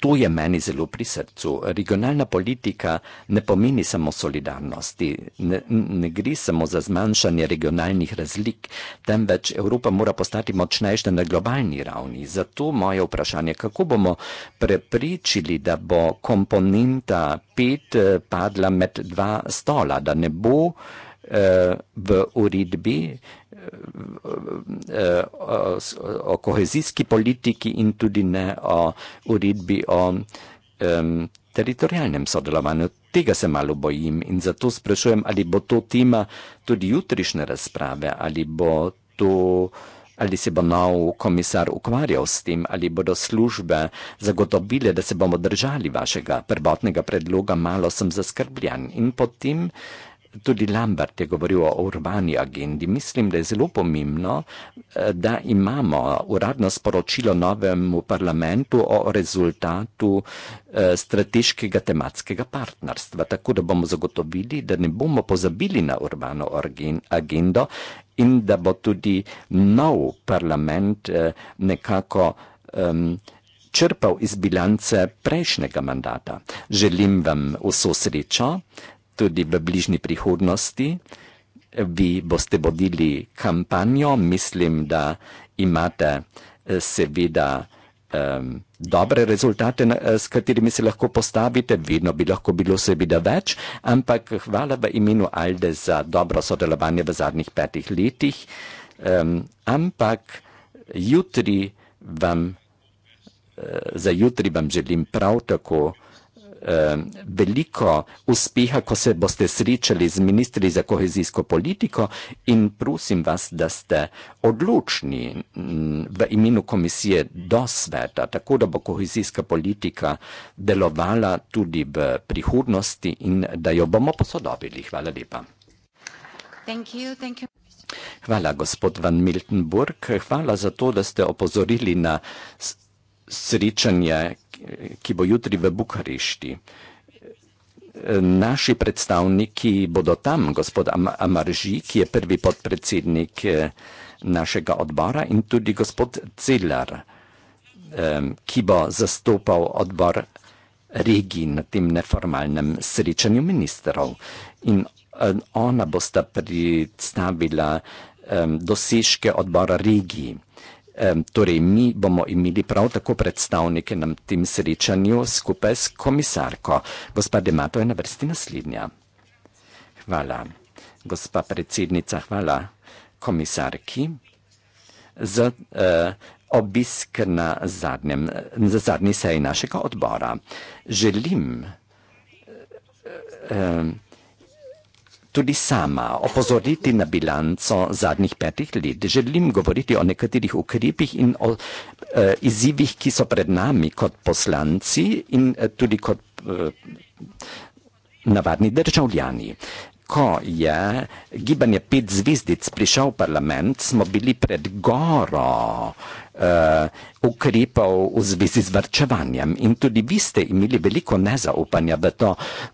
To je meni zelo pri srcu. Regionalna politika ne pomeni samo solidarnosti, ne, ne gre samo za zmanjšanje regionalnih razlik, temveč Evropa mora postati močnejša na globalni ravni. Zato moje vprašanje, kako bomo preprečili, da bo komponenta pet eh, padla med dva stola, da ne bo v uredbi eh, eh, o kohezijski politiki in tudi ne o uredbi o teritorijalnem sodelovanju. Tega se malo bojim in zato sprašujem, ali bo to tema tudi jutrišnje razprave, ali bo to ali se bo nov komisar ukvarjal s tem, ali bodo službe zagotovile, da se bomo držali vašega prvotnega predloga, malo sem zaskrbljen. In potem uh, Tudi Lambert je govoril o urbani agendi. Mislim, da je zelo pomembno, eh, da imamo uradno sporočilo novemu parlamentu o rezultatu eh, strateškega tematskega partnerstva, tako da bomo zagotovili, da ne bomo pozabili na urbano agendo in da bo tudi nov parlament eh, nekako črpal iz bilance prejšnjega mandata. Želim vam vso srečo tudi v bližnji prihodnosti. Vi boste vodili kampanjo, mislim, da imate eh, seveda um, dobre rezultate, eh, s katerimi se lahko postavite, vedno bi lahko bilo seveda več, ampak hvala v imenu Alde za dobro sodelovanje v zadnjih petih letih. Um, ampak jutri vam, eh, za jutri vam želim prav tako. Eh, veliko uspeha, ko se boste srečali z ministri za kohezijsko politiko in prosim vas, da ste odločni mm, v imenu komisije do sveta, tako da bo kohezijska politika delovala tudi v prihodnosti in da jo bomo posodobili. Hvala lepa. Thank you, thank you. Hvala, gospod Van Miltenburg. Hvala za to, da ste opozorili na srečanje ki bo jutri v Bukarišti. Naši predstavniki bodo tam, gospod Am Amarži, ki je prvi podpredsednik eh, našega odbora in tudi gospod Celar, eh, ki bo zastopal odbor regij na tem neformalnem srečanju ministrov. In eh, ona bosta predstavila dosežke odbora regij. Torej, mi bomo imeli prav tako predstavnike na tem srečanju skupaj s komisarko. Gospa Demato je na vrsti naslednja. Hvala. Gospa predsednica, hvala komisarki za eh, obisk na zadnjem, za zadnji seji našega odbora. Želim eh, Tudi sama opozoriti na bilanco zadnjih petih let. Želim govoriti o nekaterih ukrepih in o e, izzivih, ki so pred nami kot poslanci in e, tudi kot e, navadni državljani ko je gibanje pet zvezdic prišel v parlament, smo bili pred goro uh, ukrepov v zvezi z vrčevanjem in tudi vi ste imeli veliko nezaupanja v to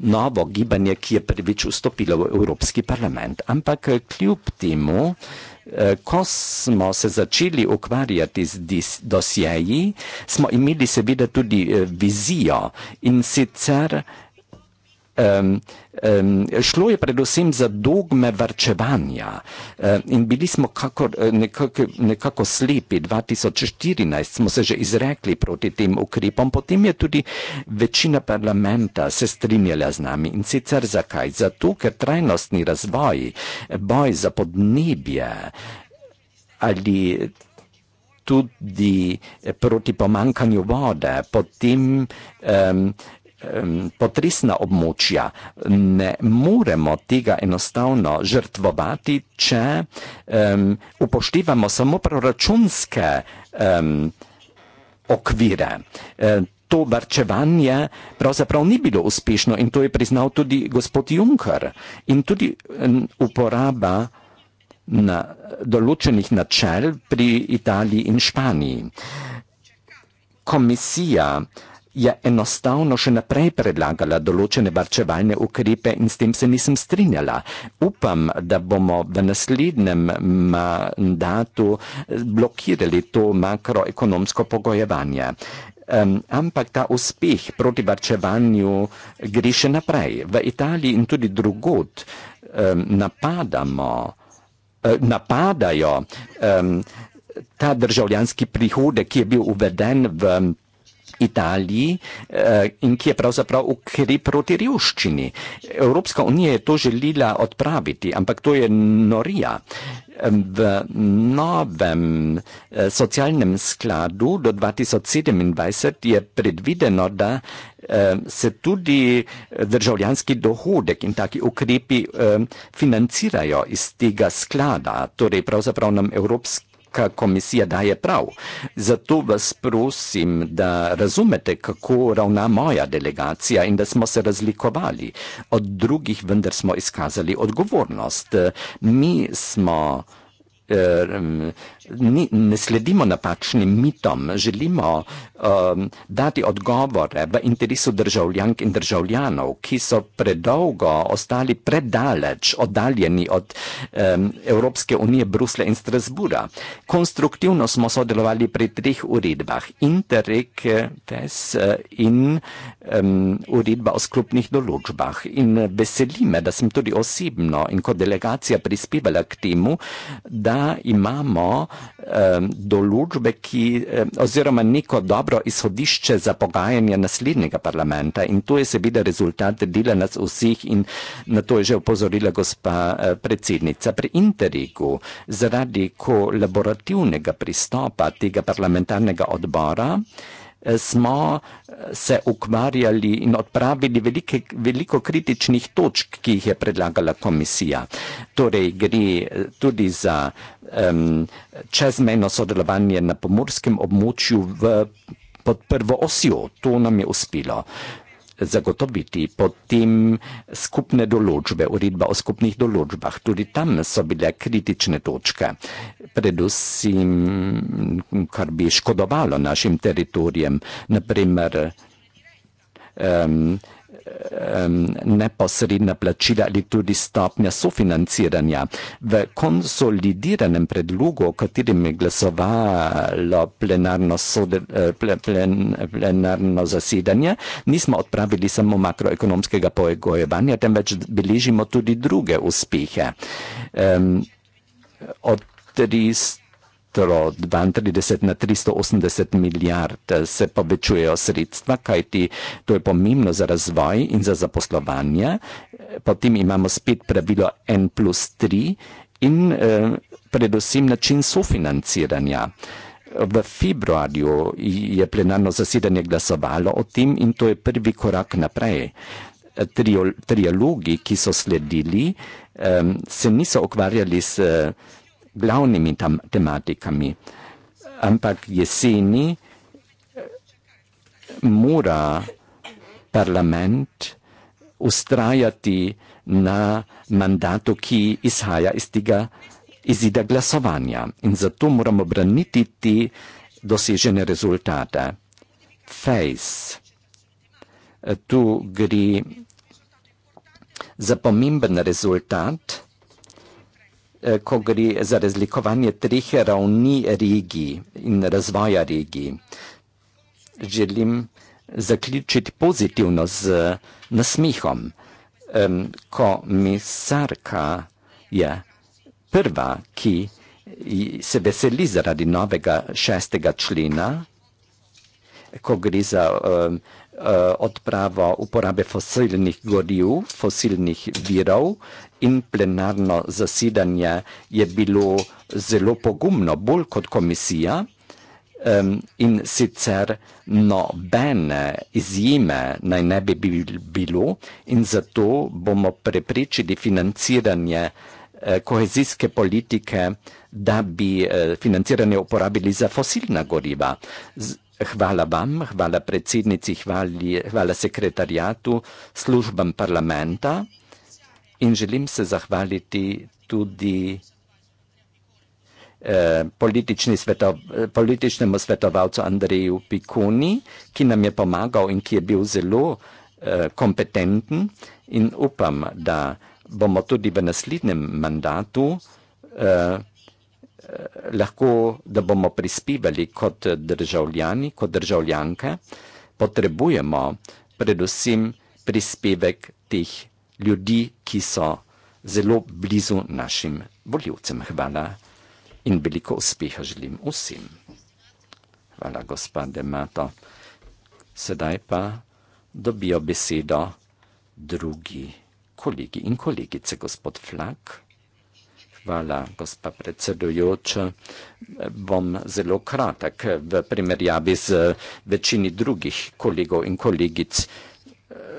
novo gibanje, ki je prvič vstopilo v Evropski parlament. Ampak eh, kljub temu, uh, ko smo se začeli ukvarjati z dosjeji, smo imeli seveda tudi uh, vizijo in sicer um, um, šlo je predvsem za dogme varčevanja um, in bili smo kakor, eh, nekako, nekako slepi. 2014 smo se že izrekli proti tem ukrepom, potem je tudi večina parlamenta se strinjala z nami in sicer zakaj? Zato, ker trajnostni razvoj, boj za podnebje ali tudi eh, proti pomankanju vode, potem um, potresna območja. Ne moremo tega enostavno žrtvovati, če um, upoštevamo samo proračunske um, okvire. E, to varčevanje pravzaprav ni bilo uspešno in to je priznal tudi gospod Juncker. In tudi um, uporaba na določenih načel pri Italiji in Španiji. Komisija je enostavno še naprej predlagala določene varčevalne ukrepe in s tem se nisem strinjala. Upam, da bomo v naslednjem mandatu blokirali to makroekonomsko pogojevanje. Um, ampak ta uspeh proti varčevanju gre še naprej. V Italiji in tudi drugod um, napadamo, uh, napadajo um, ta državljanski prihode, ki je bil uveden v Italiji eh, in ki je pravzaprav ukri proti revščini. Evropska unija je to želila odpraviti, ampak to je norija. V novem eh, socialnem skladu do 2027 je predvideno, da eh, se tudi državljanski dohodek in taki ukrepi financirajo iz tega sklada. Torej pravzaprav nam evropski Evropska komisija daje prav. Zato vas prosim, da razumete, kako ravna moja delegacija in da smo se razlikovali od drugih, vendar smo izkazali odgovornost. Mi smo. Eh, ni, ne sledimo napačnim mitom, želimo um, dati odgovore v interesu državljank in državljanov, ki so predolgo ostali predaleč oddaljeni od um, Evropske unije, Bruslja in Strasbura. Konstruktivno smo sodelovali pri treh uredbah, Interreg, PES uh, in um, uredba o sklopnih določbah. In uh, veseli me, da sem tudi osebno in kot delegacija prispevala k temu, da imamo uh, določbe, ki oziroma neko dobro izhodišče za pogajanje naslednjega parlamenta in to je seveda rezultat dela nas vseh in na to je že upozorila gospa eh, predsednica. Pri Interregu zaradi kolaborativnega pristopa tega parlamentarnega odbora Eh, smo eh, se ukvarjali in odpravili velike, veliko kritičnih točk, ki jih je predlagala komisija. Torej gre eh, tudi za um, čezmejno sodelovanje na pomorskem območju v, pod prvo osjo. To nam je uspelo. Uh, zagotoviti potem skupne določbe, uredba o skupnih določbah. Tudi tam so bile kritične točke, predvsem kar bi škodovalo našim teritorijem, naprimer um, um, neposredna plačila ali tudi stopnja sofinanciranja. V konsolidiranem predlogu, o katerem je glasovalo plenarno, sode, eh, plen, plen, plenarno zasedanje, nismo odpravili samo makroekonomskega pojegojevanja, temveč beležimo tudi druge uspehe. Um, od 300 hitro, 32 na 380 milijard, eh, se povečujejo sredstva, kajti to je pomembno za razvoj in za zaposlovanje. Eh, potem imamo spet pravilo N plus 3 in eh, predvsem način sofinanciranja. V februarju je plenarno zasedanje glasovalo o tem in to je prvi korak naprej. Eh, triol, triologi, ki so sledili, eh, se niso ukvarjali s. Eh, glavnimi tam, tematikami. Ampak jeseni eh, mora parlament ustrajati na mandatu, ki izhaja iz tega izida glasovanja. In zato moramo braniti te dosežene rezultate. Face. Eh, tu gre za pomemben rezultat Eh, ko gre za razlikovanje treh ravni regij in razvoja regij. Želim zaključiti pozitivno z nasmehom. Komisarka je prva, ki se veseli zaradi novega šestega člena, ko gre za eh, odpravo uporabe fosilnih goriv, fosilnih virov in plenarno zasedanje je bilo zelo pogumno, bolj kot komisija. Um, in sicer nobene izjeme naj ne bi bilo, in zato bomo preprečili financiranje eh, kohezijske politike, da bi eh, financiranje uporabili za fosilna goriva. Z hvala vam, hvala predsednici, hvali, hvala sekretarjatu, službam parlamenta. In želim se zahvaliti tudi eh, Politični sveto, političnemu svetovalcu Andreju Pikuni, ki nam je pomagal in ki je bil zelo uh, kompetenten in upam, da bomo tudi v naslednjem mandatu uh, lahko, da bomo prispevali kot državljani, kot državljanke, potrebujemo predvsem prispevek teh ljudi, ki so zelo blizu našim voljivcem. Hvala in veliko uspeha želim vsem. Hvala, gospod Demato. Sedaj pa dobijo besedo drugi kolegi in kolegice, gospod Flak. Hvala, gospa predsedujoča. Bom zelo kratek v primerjavi z večini drugih kolegov in kolegic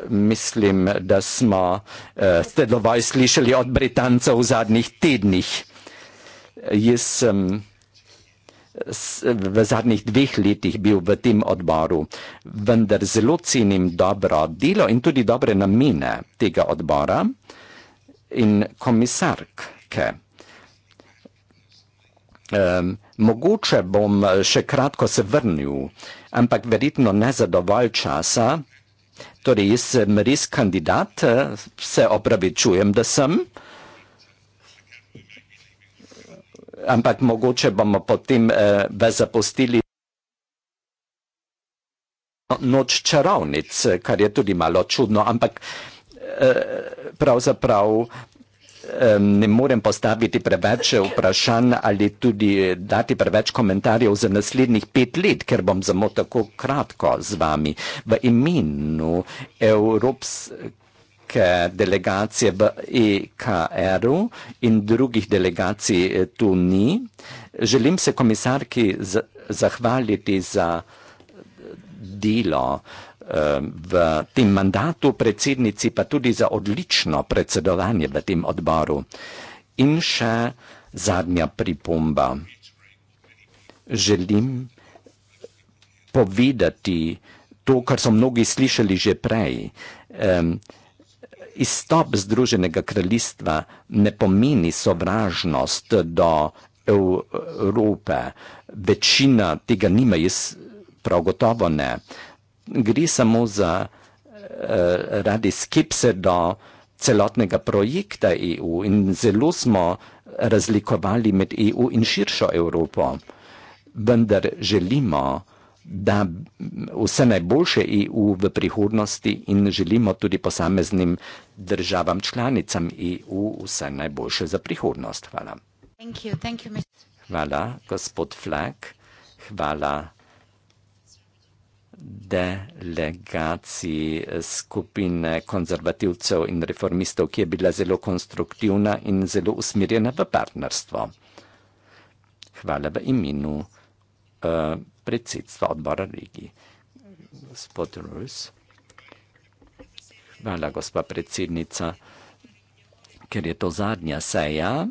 mislim, da smo uh, eh, Stedlovaj slišali od Britancev v zadnjih tednih. Jaz sem v zadnjih dveh letih bil v tem odboru, vendar zelo cenim dobro delo in tudi dobre namene tega odbora in komisarke. Um, mogoče bom eh, še kratko se vrnil, ampak verjetno ne za dovolj časa. Torej, jaz sem res kandidat, eh, se opravičujem, da sem, ampak mogoče bomo potem eh, vas zapustili noč čarovnic, kar je tudi malo čudno, ampak eh, pravzaprav Ne morem postaviti preveč vprašanj ali tudi eh, dati preveč komentarjev za naslednjih pet let, ker bom samo tako kratko z vami. V imenu Evropske delegacije v EKR-u in drugih delegacij eh, tu ni, želim se komisarki zahvaliti za delo. Ehm, v tem mandatu predsednici, pa tudi za odlično predsedovanje v tem odboru. In še zadnja pripomba. Želim povedati to, kar so mnogi slišali že prej. Um, izstop Združenega kraljestva ne pomeni sovražnost do Evrope. Večina tega nima, jaz prav gotovo ne gre samo za uh, radi skepse do celotnega projekta EU in zelo smo razlikovali med EU in širšo Evropo. Vendar želimo, da vse najboljše EU v prihodnosti in želimo tudi posameznim državam članicam EU vse najboljše za prihodnost. Hvala. Thank you. Thank you, hvala, gospod Flak. Hvala delegaciji eh, skupine konzervativcev in reformistov, ki je bila zelo konstruktivna in zelo usmerjena v partnerstvo. Hvala v imenu uh, predsedstva odbora Rigi. Gospod Rus. Hvala, gospa predsednica, ker je to zadnja seja.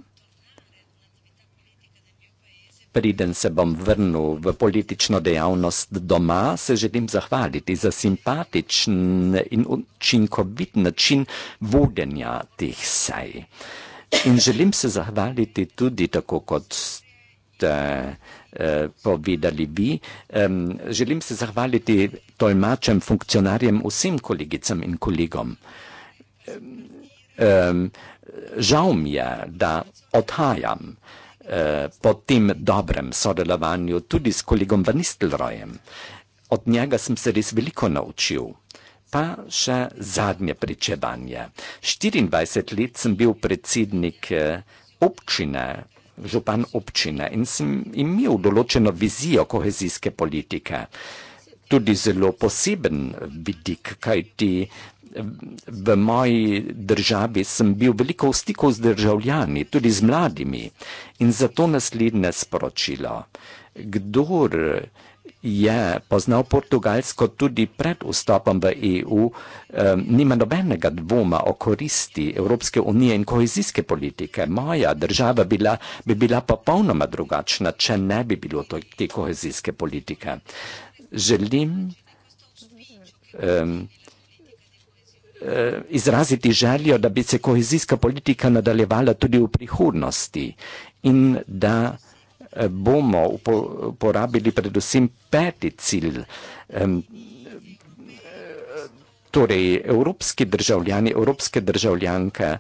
Preden se bom vrnil v politično dejavnost doma, se želim zahvaliti za simpatičen in učinkovit način vodenja teh sej. In želim se zahvaliti tudi tako kot ste eh, povedali vi. Želim se zahvaliti tolmačem funkcionarjem, vsem kolegicam in kolegom. Žal mi je, da odhajam. Eh, po tem dobrem sodelovanju tudi s kolegom Van Nistelrojem. Od njega sem se res veliko naučil. Pa še zadnje pričevanje. 24 let sem bil predsednik eh, občine, župan občine in sem imel določeno vizijo kohezijske politike. Tudi zelo poseben vidik, kaj ti v moji državi sem bil veliko v stiku z državljani, tudi z mladimi. In zato naslednje sporočilo. Kdor je poznal portugalsko tudi pred vstopom v EU, nima nobenega dvoma o koristi Evropske unije in kohezijske politike. Moja država bila, bi bila popolnoma drugačna, če ne bi bilo to, te kohezijske politike. Želim. Um, Eh, izraziti željo, da bi se kohezijska politika nadaljevala tudi v prihodnosti in da eh, bomo uporabili predvsem peti cilj. Eh, torej, evropski državljani, evropske državljanke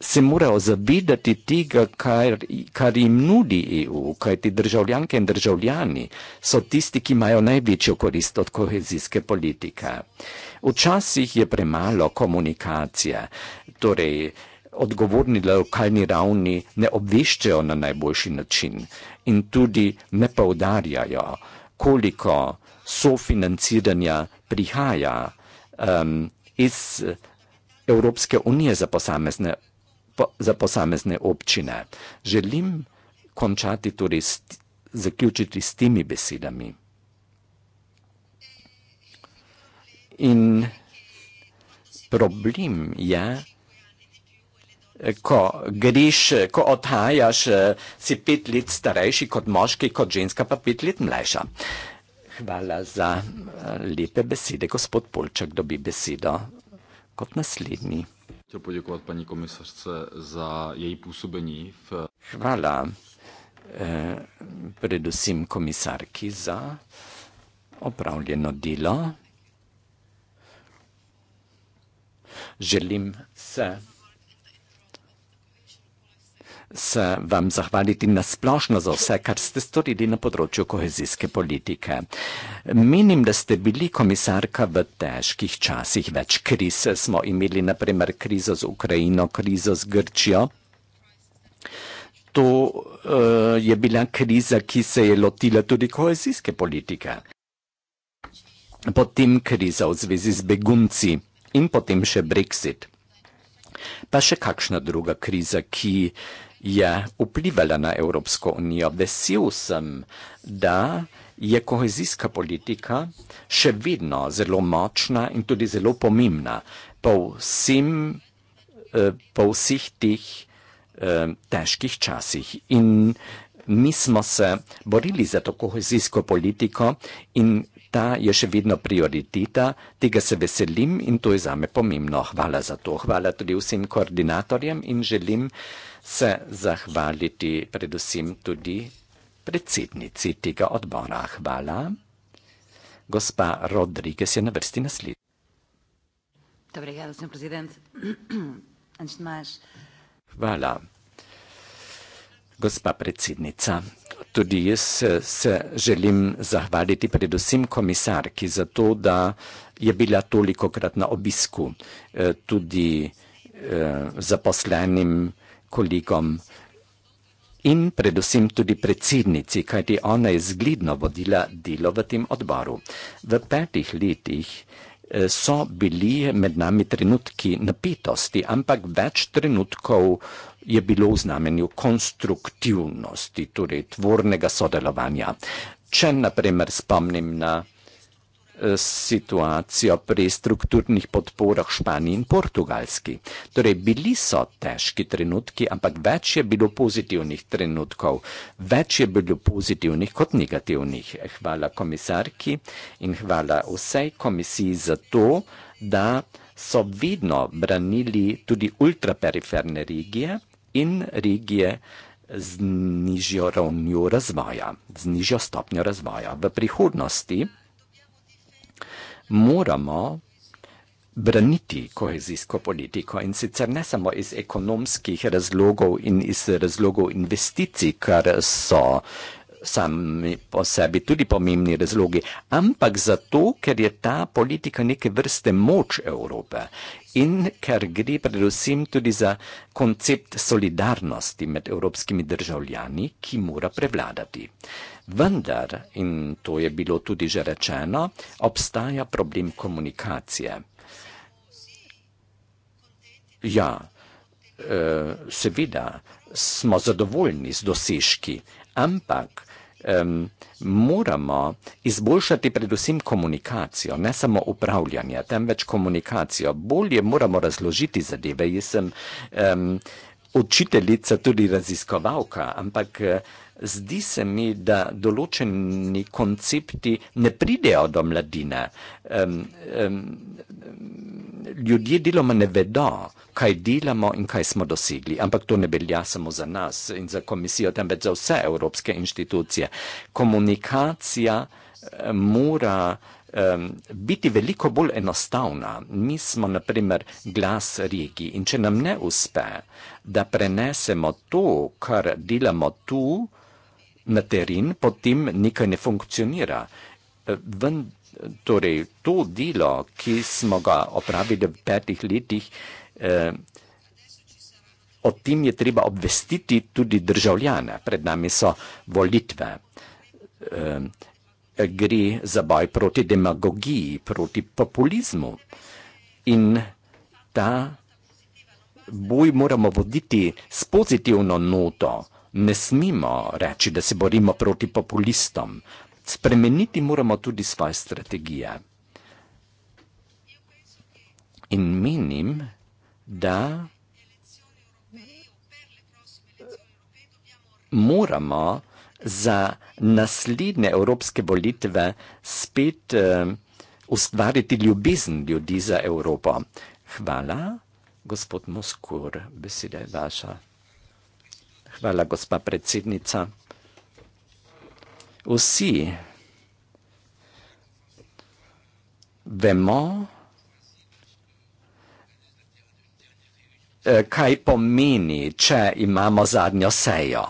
se morajo zavedati tega, kar, kar jim nudi EU, kajti državljanke in državljani so tisti, ki imajo največjo korist od kohezijske politike. Včasih je premalo komunikacije, torej odgovorni na lokalni ravni ne obveščajo na najboljši način in tudi ne povdarjajo, koliko sofinanciranja prihaja um, iz Evropske unije za posamezne, po, za posamezne občine. Želim končati torej zaključiti s temi besedami. in problem je, ko greš, ko odhajaš, si pet let starejši kot moški, kot ženska pa pet let mlajša. Hvala za eh, lepe besede. Gospod Polčak dobi besedo kot naslednji. Hvala eh, predvsem komisarki za opravljeno delo. želim se, se vam zahvaliti nasplošno za vse, kar ste storili na področju kohezijske politike. Menim, da ste bili komisarka v težkih časih več kriz. Smo imeli naprimer krizo z Ukrajino, krizo z Grčijo. To uh, je bila kriza, ki se je lotila tudi kohezijske politike. Potem kriza v zvezi z begunci in potem še Brexit. Pa še kakšna druga kriza, ki je vplivala na Evropsko unijo. Vesel sem, da je kohezijska politika še vedno zelo močna in tudi zelo pomembna po, vsem, eh, po vseh teh eh, težkih časih. In mi smo se borili za to kohezijsko politiko in Ta je še vedno prioriteta, tega se veselim in to je zame pomembno. Hvala za to. Hvala tudi vsem koordinatorjem in želim se zahvaliti predvsem tudi predsednici tega odbora. Hvala. Gospa Rodriguez je na vrsti naslednji. Dobrega, gospod predsednik. Hvala gospa predsednica. Tudi jaz eh, se želim zahvaliti predvsem komisarki za to, da je bila toliko krat na obisku eh, tudi eh, zaposlenim kolegom in predvsem tudi predsednici, kajti ona je zgledno vodila delo v tem odboru. V petih letih Eh, so bili med nami trenutki napetosti, ampak več trenutkov je bilo v znamenju konstruktivnosti, torej tvornega sodelovanja. Če naprimer spomnim na situacijo pri strukturnih podporah Španiji in Portugalski. Torej, bili so težki trenutki, ampak več je bilo pozitivnih trenutkov, več je bilo pozitivnih kot negativnih. Hvala komisarki in hvala vsej komisiji za to, da so vedno branili tudi ultraperiferne regije in regije z nižjo ravnjo razvoja, z nižjo stopnjo razvoja. V prihodnosti moramo braniti kohezijsko politiko in sicer ne samo iz ekonomskih razlogov in iz razlogov investicij, kar so sami po sebi tudi pomembni razlogi, ampak zato, ker je ta politika neke vrste moč Evrope in ker gre predvsem tudi za koncept solidarnosti med evropskimi državljani, ki mora prevladati. Vendar, in to je bilo tudi že rečeno, obstaja problem komunikacije. Ja, eh, seveda smo zadovoljni z dosežki, ampak moramo izboljšati predvsem komunikacijo, ne samo upravljanje, temveč komunikacijo. Bolje moramo razložiti zadeve. Jaz sem učiteljica, tudi raziskovalka, ampak zdi se mi, da določeni koncepti ne pridejo do mladine. Um, um, ljudje deloma ne vedo, kaj delamo in kaj smo dosegli, ampak to ne belja samo za nas in za komisijo, temveč za vse evropske inštitucije. Komunikacija eh, mora um, biti veliko bolj enostavna. Mi smo, na primer, glas regi in če nam ne uspe, da prenesemo to, kar delamo tu, uh, na teren, potem nekaj ne funkcionira. Eh, torej, to delo, ki smo ga opravili v petih letih, eh, o tem je treba obvestiti tudi državljane. Pred nami so volitve. Eh, gre za boj proti demagogiji, proti populizmu. In ta boj moramo voditi s pozitivno noto. Ne smemo reči, da se borimo proti populistom. Spremeniti moramo tudi svoje strategije. In menim, da moramo za naslednje evropske volitve spet eh, ustvariti ljubezen ljudi za Evropo. Hvala, gospod Moskur, beseda je vaša. Hvala, gospa predsednica. Vsi vemo, eh, kaj pomeni, če imamo zadnjo sejo.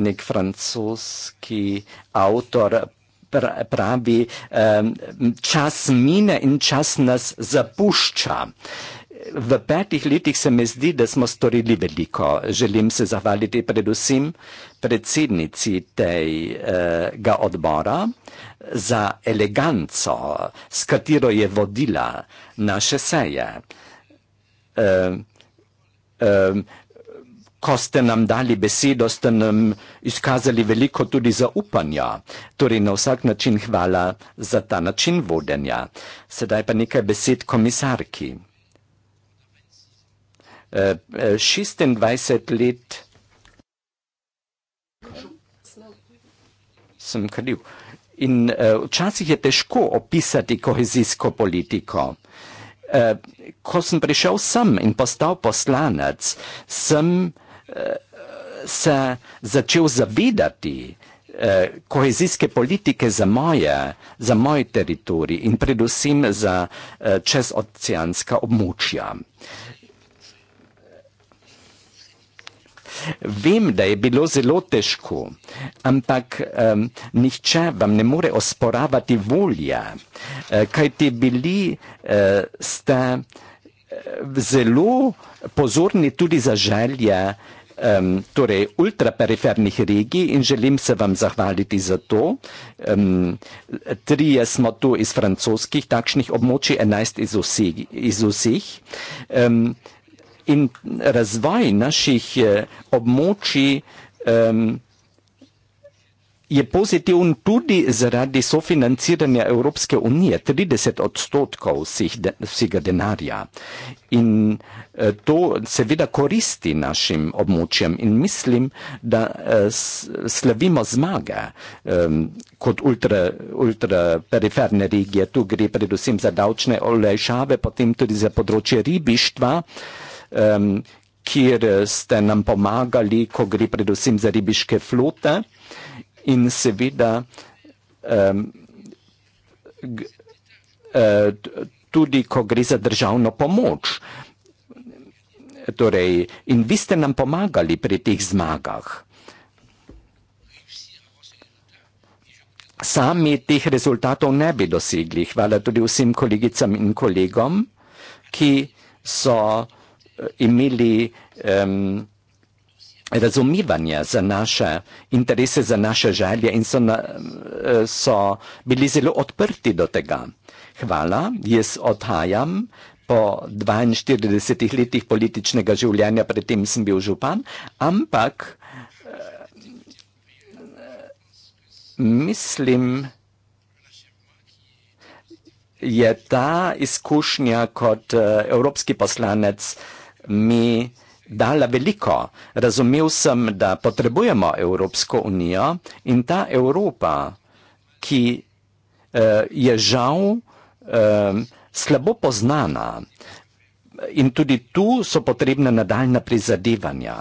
Nek francoski avtor pravi, čas mine in čas nas zapušča. V petih letih se mi zdi, da smo storili veliko. Želim se zahvaliti predvsem predsednici tega eh, odbora za eleganco, s katero je vodila naše seje ko ste nam dali besedo, ste nam izkazali veliko tudi zaupanja. Torej, na vsak način hvala za ta način vodenja. Sedaj pa nekaj besed komisarki. 26 eh, eh, let sem kril. In eh, včasih je težko opisati kohezijsko politiko. Ko sem prišel sem in postal poslanec, sem prišel, Eh, se začel zavedati eh, kohezijske politike za moje, za moj teritorij in predvsem za eh, čezoceanska območja. Vem, da je bilo zelo težko, ampak um, nihče vam ne more osporavati volje, kaj ti bili uh, ste zelo pozorni tudi za želje uh, um, torej ultraperifernih regij in želim se vam zahvaliti za to. Um, trije smo tu iz francoskih takšnih območij, enajst iz vseh. Iz vseh. Um, in razvoj naših eh, območij um, je pozitiven tudi zaradi sofinanciranja Evropske unije, 30 odstotkov vsega de, denarja. In eh, to seveda koristi našim območjem in mislim, da eh, slavimo zmage ehm, kot ultraperiferne ultra regije. Tu gre predvsem za davčne olejšave, potem tudi za področje ribištva, ehm, kjer ste nam pomagali, ko gre predvsem za ribiške flote in seveda e, tudi, ko gre za državno pomoč. Torej, in vi ste nam pomagali pri teh zmagah. Sami teh rezultatov ne bi dosegli. Hvala tudi vsem kolegicam in kolegom, ki so e, imeli vsega, razumevanje za naše interese, za naše želje in so, na, eh, so bili zelo odprti do tega. Hvala, jaz odhajam po 42 letih političnega življenja, predtem sem bil župan, ampak eh, mislim, je ta izkušnja kot eh, evropski poslanec mi dala veliko. Razumel sem, da potrebujemo Evropsko unijo in ta Evropa, ki eh, je žal eh, slabo poznana in tudi tu so potrebna nadaljna prizadevanja,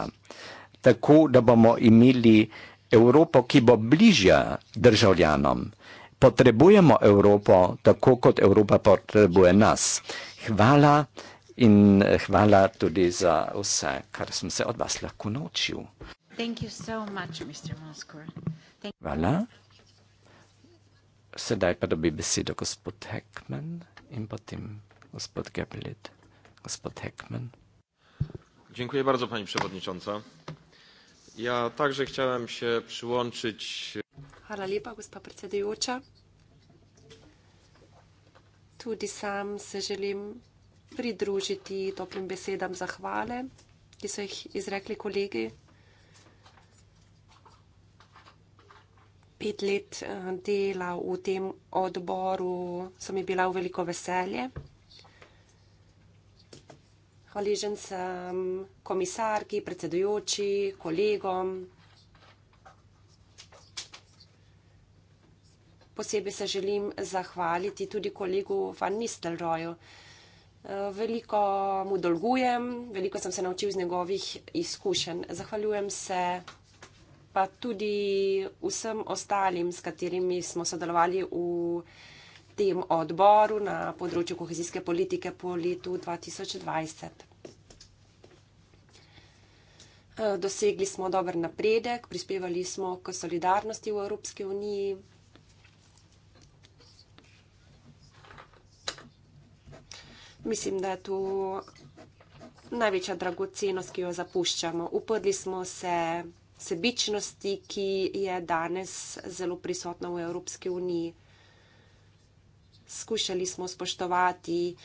tako da bomo imeli Evropo, ki bo bližja državljanom. Potrebujemo Evropo tako, kot Evropa potrebuje nas. Hvala in eh, hvala tudi za vse, kar sem se od vas lahko naučil. Hvala. Sedaj pa dobi besedo gospod Heckman in potem gospod Gebelit. Gospod Heckman. Dziękuję bardzo pani przewodnicząca. Ja także chciałem się przyłączyć. Hvala lepa, gospa predsedujoča. Tudi sam se želim pridružiti toplim besedam zahvale, ki so jih izrekli kolegi. Pet let eh, dela v tem odboru so mi bila v veliko veselje. Hvaležen sem komisarki, predsedujoči, kolegom. Posebej se želim zahvaliti tudi kolegu Van Nistelrooju. Veliko mu dolgujem, veliko sem se naučil iz njegovih izkušenj. Zahvaljujem se pa tudi vsem ostalim, s katerimi smo sodelovali v tem odboru na področju kohezijske politike po letu 2020. Dosegli smo dober napredek, prispevali smo k solidarnosti v Evropski uniji. mislim, da je to največja dragocenost, ki jo zapuščamo. Uprli smo se sebičnosti, ki je danes zelo prisotna v Evropski uniji. Skušali smo spoštovati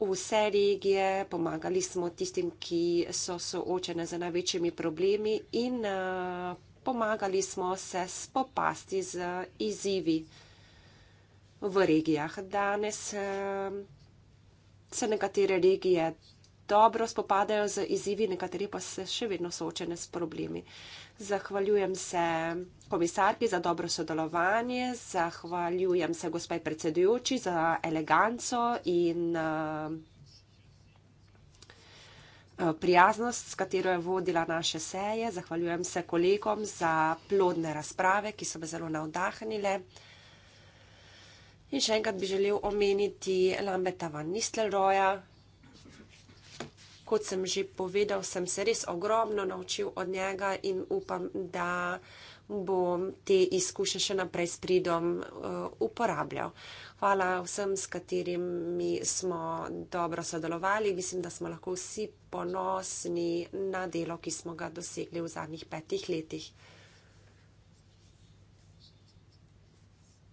vse regije, pomagali smo tistim, ki so soočene z največjimi problemi in eh, pomagali smo se spopasti z izzivi v regijah. Danes eh, se nekatere regije dobro spopadajo z izzivi, nekateri pa se še vedno soočene s problemi. Zahvaljujem se komisarki za dobro sodelovanje, zahvaljujem se gospaj predsedujoči za eleganco in eh, eh, prijaznost, s katero je vodila naše seje. Zahvaljujem se kolegom za plodne razprave, ki so me zelo navdahnile. In še enkrat bi želel omeniti Lambeta Van Nistelroja. Kot sem že povedal, sem se res ogromno naučil od njega in upam, da bom te izkušnje še naprej s pridom eh, uporabljal. Hvala vsem, s katerimi smo dobro sodelovali. Mislim, da smo lahko vsi ponosni na delo, ki smo ga dosegli v zadnjih petih letih.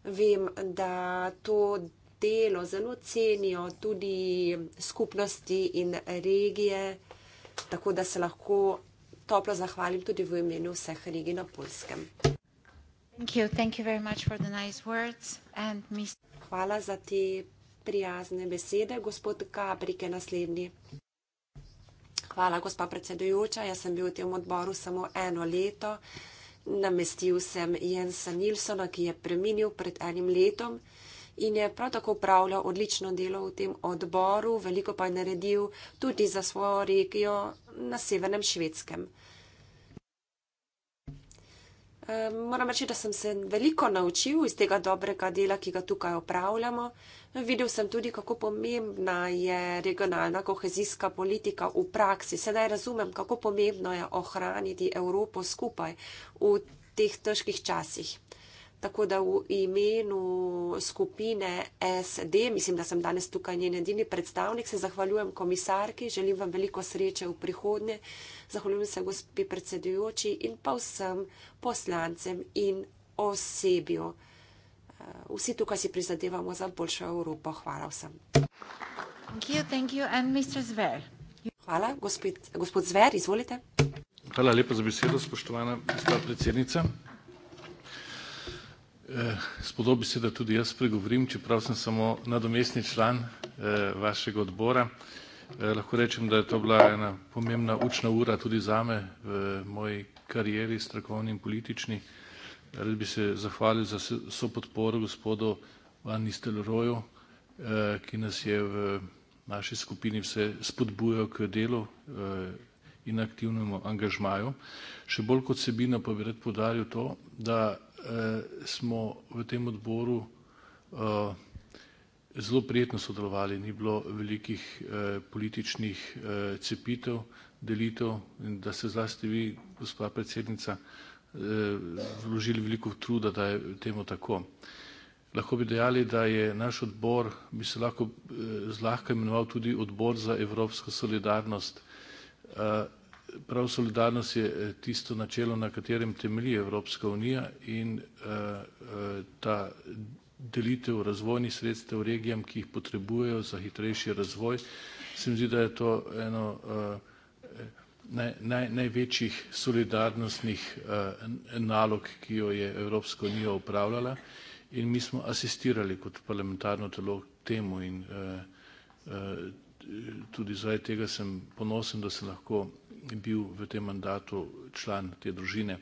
vem, da to delo zelo cenijo tudi skupnosti in regije, tako da se lahko toplo zahvalim tudi v imenu vseh regij na Polskem. Hvala za te prijazne besede, gospod Kabrik je naslednji. Hvala, gospa predsedujoča. Jaz sem bil v tem odboru samo eno leto. Namestil sem Jensa Nilsona, ki je preminil pred enim letom in je prav tako upravljal odlično delo v tem odboru, veliko pa je naredil tudi za svojo regijo na severnem švedskem. Ehm, moram reči, da sem se veliko naučil iz tega dobrega dela, ki ga tukaj upravljamo. Videl sem tudi, kako pomembna je regionalna kohezijska politika v praksi. Sedaj razumem, kako pomembno je ohraniti Evropo skupaj v teh težkih časih. Tako da v imenu skupine SD, mislim, da sem danes tukaj njen edini predstavnik, se zahvaljujem komisarki, želim vam veliko sreče v prihodnje, zahvaljujem se gospi predsedujoči in pa vsem poslancem in osebju. Eh, vsi tukaj si prizadevamo za boljšo Evropo. Hvala vsem. Thank you, thank you Hvala, gospod, gospod Zver, izvolite. Hvala lepa za besedo, spoštovana gospa predsednica. Eh, spodobi se, da tudi jaz spregovorim, čeprav sem samo nadomestni član eh, vašega odbora. Eh, lahko rečem, da je to bila ena pomembna učna ura tudi zame v moji karieri strokovni in politični. Eh, Rad bi se zahvalil za vso podporo gospodu Van Nistelrooju, eh, ki nas je v naši skupini vse spodbujal k delu eh, in aktivnemu angažmaju. Še bolj kot sebina pa bi rad podaril to, da eh, smo v tem odboru zelo prijetno sodelovali, ni bilo velikih političnih cepitev, delitev in da se zlasti vi, gospa predsednica, Eh, vložili veliko truda, da je temu tako. Lahko bi dejali, da je naš odbor, bi se lahko eh, zlahka imenoval tudi odbor za evropsko solidarnost. Eh, prav solidarnost je tisto načelo, na katerem temelji Evropska unija in ta delitev razvojnih sredstev regijam, ki jih potrebujejo za hitrejši razvoj. Se mi zdi, da je to eno naj, naj, največjih solidarnostnih eh, nalog, ki jo je Evropska unija upravljala in mi smo asistirali kot parlamentarno telo temu in eh, eh, tudi zaradi tega sem ponosen, da sem lahko bil v tem mandatu član te družine.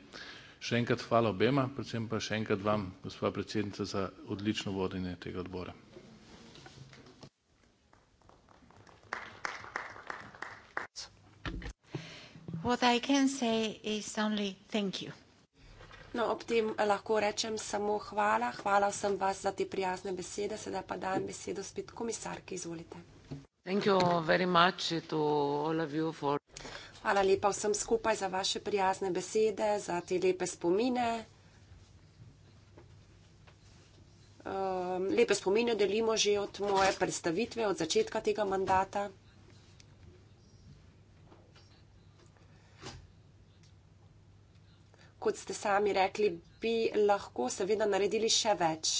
Še enkrat hvala obema, predvsem pa še enkrat vam, gospa predsednica, za odlično vodenje tega odbora. What I can say is only thank you. No, ob tem lahko rečem samo hvala. Hvala vsem vas za te prijazne besede. Sedaj pa dajem besedo spet komisarki. Izvolite. Thank you very much to all of you for... Hvala lepa vsem skupaj za vaše prijazne besede, za te lepe spomine. Ehm, lepe spomine delimo že od moje predstavitve, od začetka tega mandata. kot ste sami rekli, bi lahko seveda naredili še več.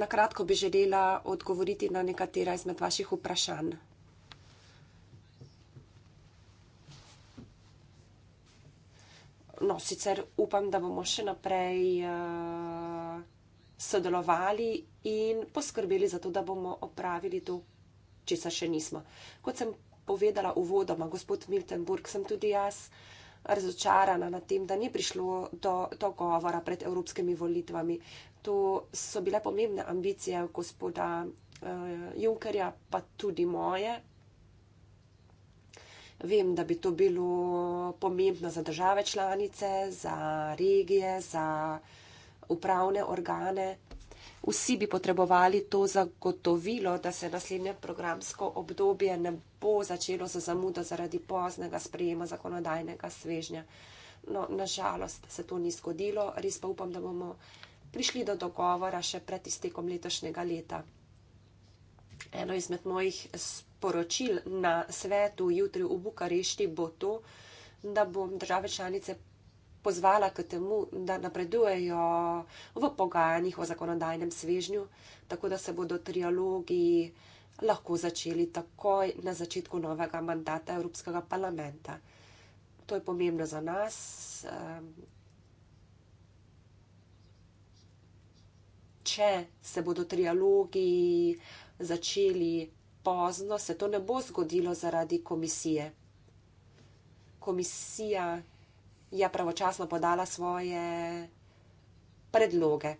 Na kratko bi želela odgovoriti na nekatera izmed vaših vprašanj. No, sicer upam, da bomo še naprej uh, sodelovali in poskrbeli za to, da bomo opravili to, česar še nismo. Kot sem povedala uvodoma, gospod Miltenburg, sem tudi jaz uh, razočarana nad tem, da ni prišlo do, do govora pred evropskimi volitvami. To so bile pomembne ambicije gospoda uh, Junkerja, pa tudi moje. Vem, da bi to bilo pomembno za države članice, za regije, za upravne organe vsi bi potrebovali to zagotovilo, da se naslednje programsko obdobje ne bo začelo za zamudo zaradi poznega sprejema zakonodajnega svežnja. No, nažalost se to ni zgodilo, res pa upam, da bomo prišli do dogovora še pred iztekom letošnjega leta. Eno izmed mojih sporočil na svetu jutri v Bukarešti bo to, da bom države članice pozvala k temu, da napredujejo v pogajanjih o zakonodajnem svežnju, tako da se bodo trialogi lahko začeli takoj na začetku novega mandata Evropskega parlamenta. To je pomembno za nas. Ehm, če se bodo trialogi začeli pozno, se to ne bo zgodilo zaradi komisije. Komisija je pravočasno podala svoje predloge.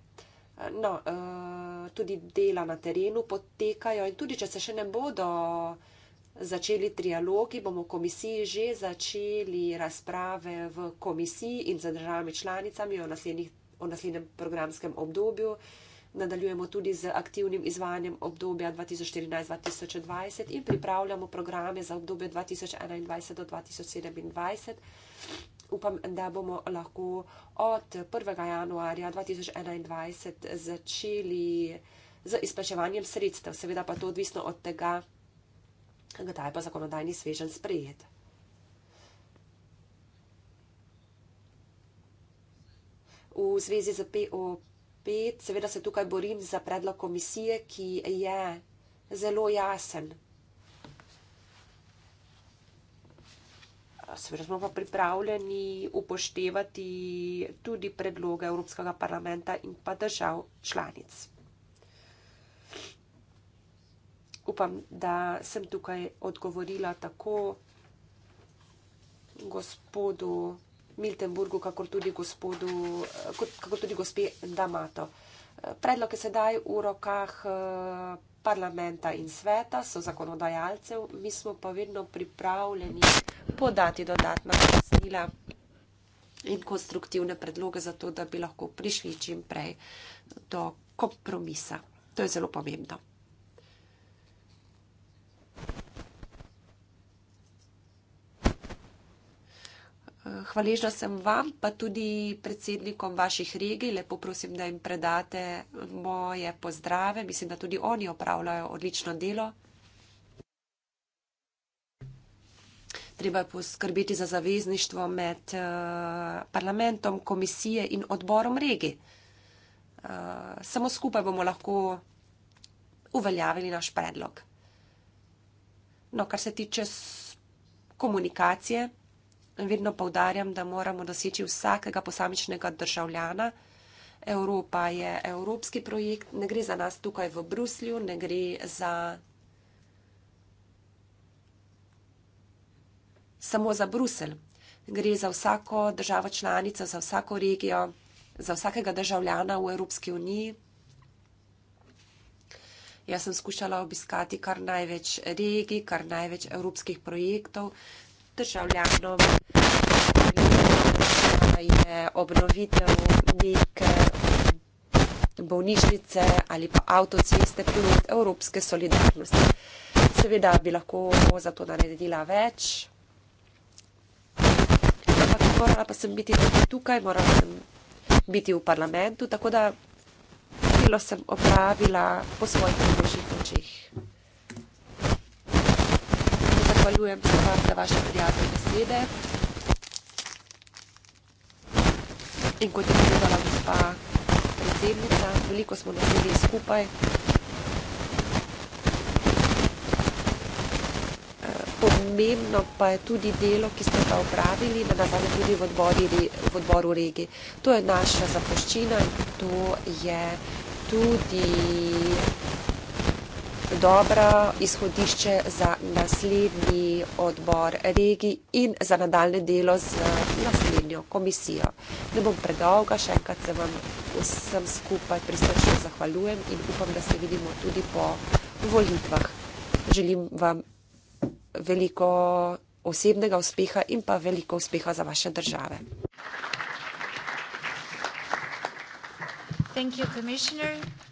No, eh, tudi dela na terenu potekajo in tudi, če se še ne bodo začeli trialogi, bomo v komisiji že začeli razprave v komisiji in za državami članicami o, o naslednjem programskem obdobju. Nadaljujemo tudi z aktivnim izvanjem obdobja 2014-2020 in pripravljamo programe za obdobje 2021-2027 upam, da bomo lahko od 1. januarja 2021 začeli z izplačevanjem sredstev, seveda pa to odvisno od tega, kdaj pa zakonodajni svežen sprejet. V zvezi z PO5 seveda se tukaj borim za predlog komisije, ki je zelo jasen. Seveda smo pa pripravljeni upoštevati tudi predloge Evropskega parlamenta in pa držav članic. Upam, da sem tukaj odgovorila tako gospodu Miltenburgu, kakor tudi, gospodu, kakor tudi gospe Damato. Predlog je sedaj v rokah eh, parlamenta in sveta, so zakonodajalcev, mi smo pa vedno pripravljeni podati dodatna pojasnila in konstruktivne predloge za to, da bi lahko prišli čim prej do kompromisa. To je zelo pomembno. Hvaležna sem vam, pa tudi predsednikom vaših regij. Lepo prosim, da jim predate moje pozdrave. Mislim, da tudi oni opravljajo odlično delo. Treba je poskrbeti za zavezništvo med eh, parlamentom, komisije in odborom regij. Eh, samo skupaj bomo lahko uveljavili naš predlog. No, kar se tiče komunikacije, vedno povdarjam, da moramo doseči vsakega posamičnega državljana. Evropa je evropski projekt, ne gre za nas tukaj v Bruslju, ne gre za samo za Bruselj. Gre za vsako državo članico, za vsako regijo, za vsakega državljana v Evropski uniji. Jaz sem skušala obiskati kar največ regij, kar največ evropskih projektov, državljanom. Je obnovitev neke eh, bolnišnice ali pa avtoceste plod evropske solidarnosti. Seveda bi lahko za to naredila več, ampak morala pa sem biti tudi tukaj, morala sem biti v parlamentu, tako da delo sem opravila po svojih možnosti. Hvala vam za vaše prijazne besede. In kot je povedala gospa predsednica, veliko smo naredili skupaj. Pomembno pa je tudi delo, ki smo ga opravili, nenazadnje tudi v odbori v odboru regij. To je naša zapuščina in to je tudi dobro izhodišče za naslednji odbor regij in za nadaljne delo z naslednjo komisijo. Ne bom predolga, še enkrat se vam vsem skupaj prisrčno zahvaljujem in upam, da se vidimo tudi po volitvah. Želim vam veliko osebnega uspeha in pa veliko uspeha za vaše države. Thank you, Commissioner.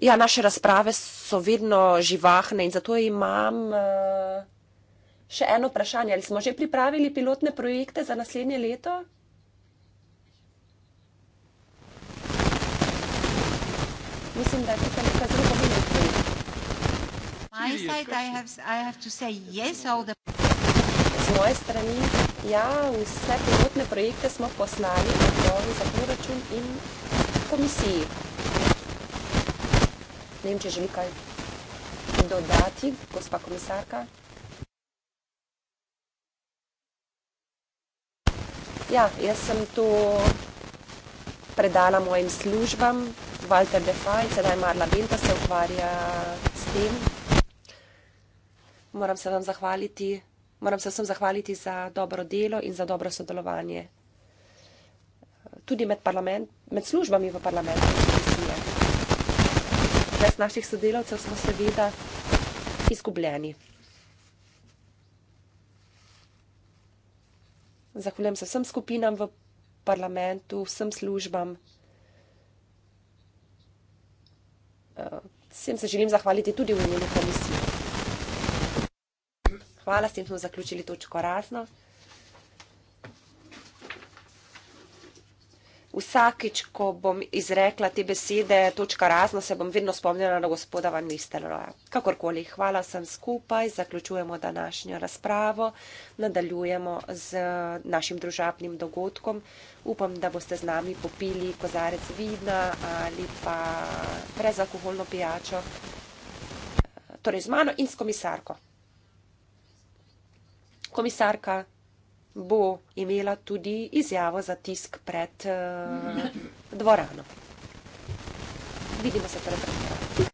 Ja, naše razprave so vedno živahne in zato imam eh, še eno vprašanje. Ali smo že pripravili pilotne projekte za naslednje leto? Mislim, da je tukaj nekaj zelo pomembnega. Z moje strani, ja, vse pilotne projekte smo poslali odboru za proračun in komisiji. Ne vem, če želi kaj dodati, gospa komisarka. Ja, jaz sem to predala mojim službam. Walter Defaj, sedaj Marla Benta, se ukvarja s tem. Moram se vam zahvaliti, moram se vsem zahvaliti za dobro delo in za dobro sodelovanje. Tudi med parlament, med službami v parlamentu brez naših sodelavcev smo seveda izgubljeni. Zahvaljujem se vsem skupinam v parlamentu, vsem službam. Eh, vsem se želim zahvaliti tudi v imenu komisije. Hvala, s tem smo zaključili točko razno. vsakič, ko bom izrekla te besede, točka razno, se bom vedno spomnila na gospoda Van Nistelroja. Kakorkoli, hvala vsem skupaj, zaključujemo današnjo razpravo, nadaljujemo z našim družabnim dogodkom. Upam, da boste z nami popili kozarec vidna ali pa brezalkoholno pijačo, torej z mano in s komisarko. Komisarka bo imela tudi izjavo za tisk pred uh, dvorano. Vidimo se torej pred vrhom.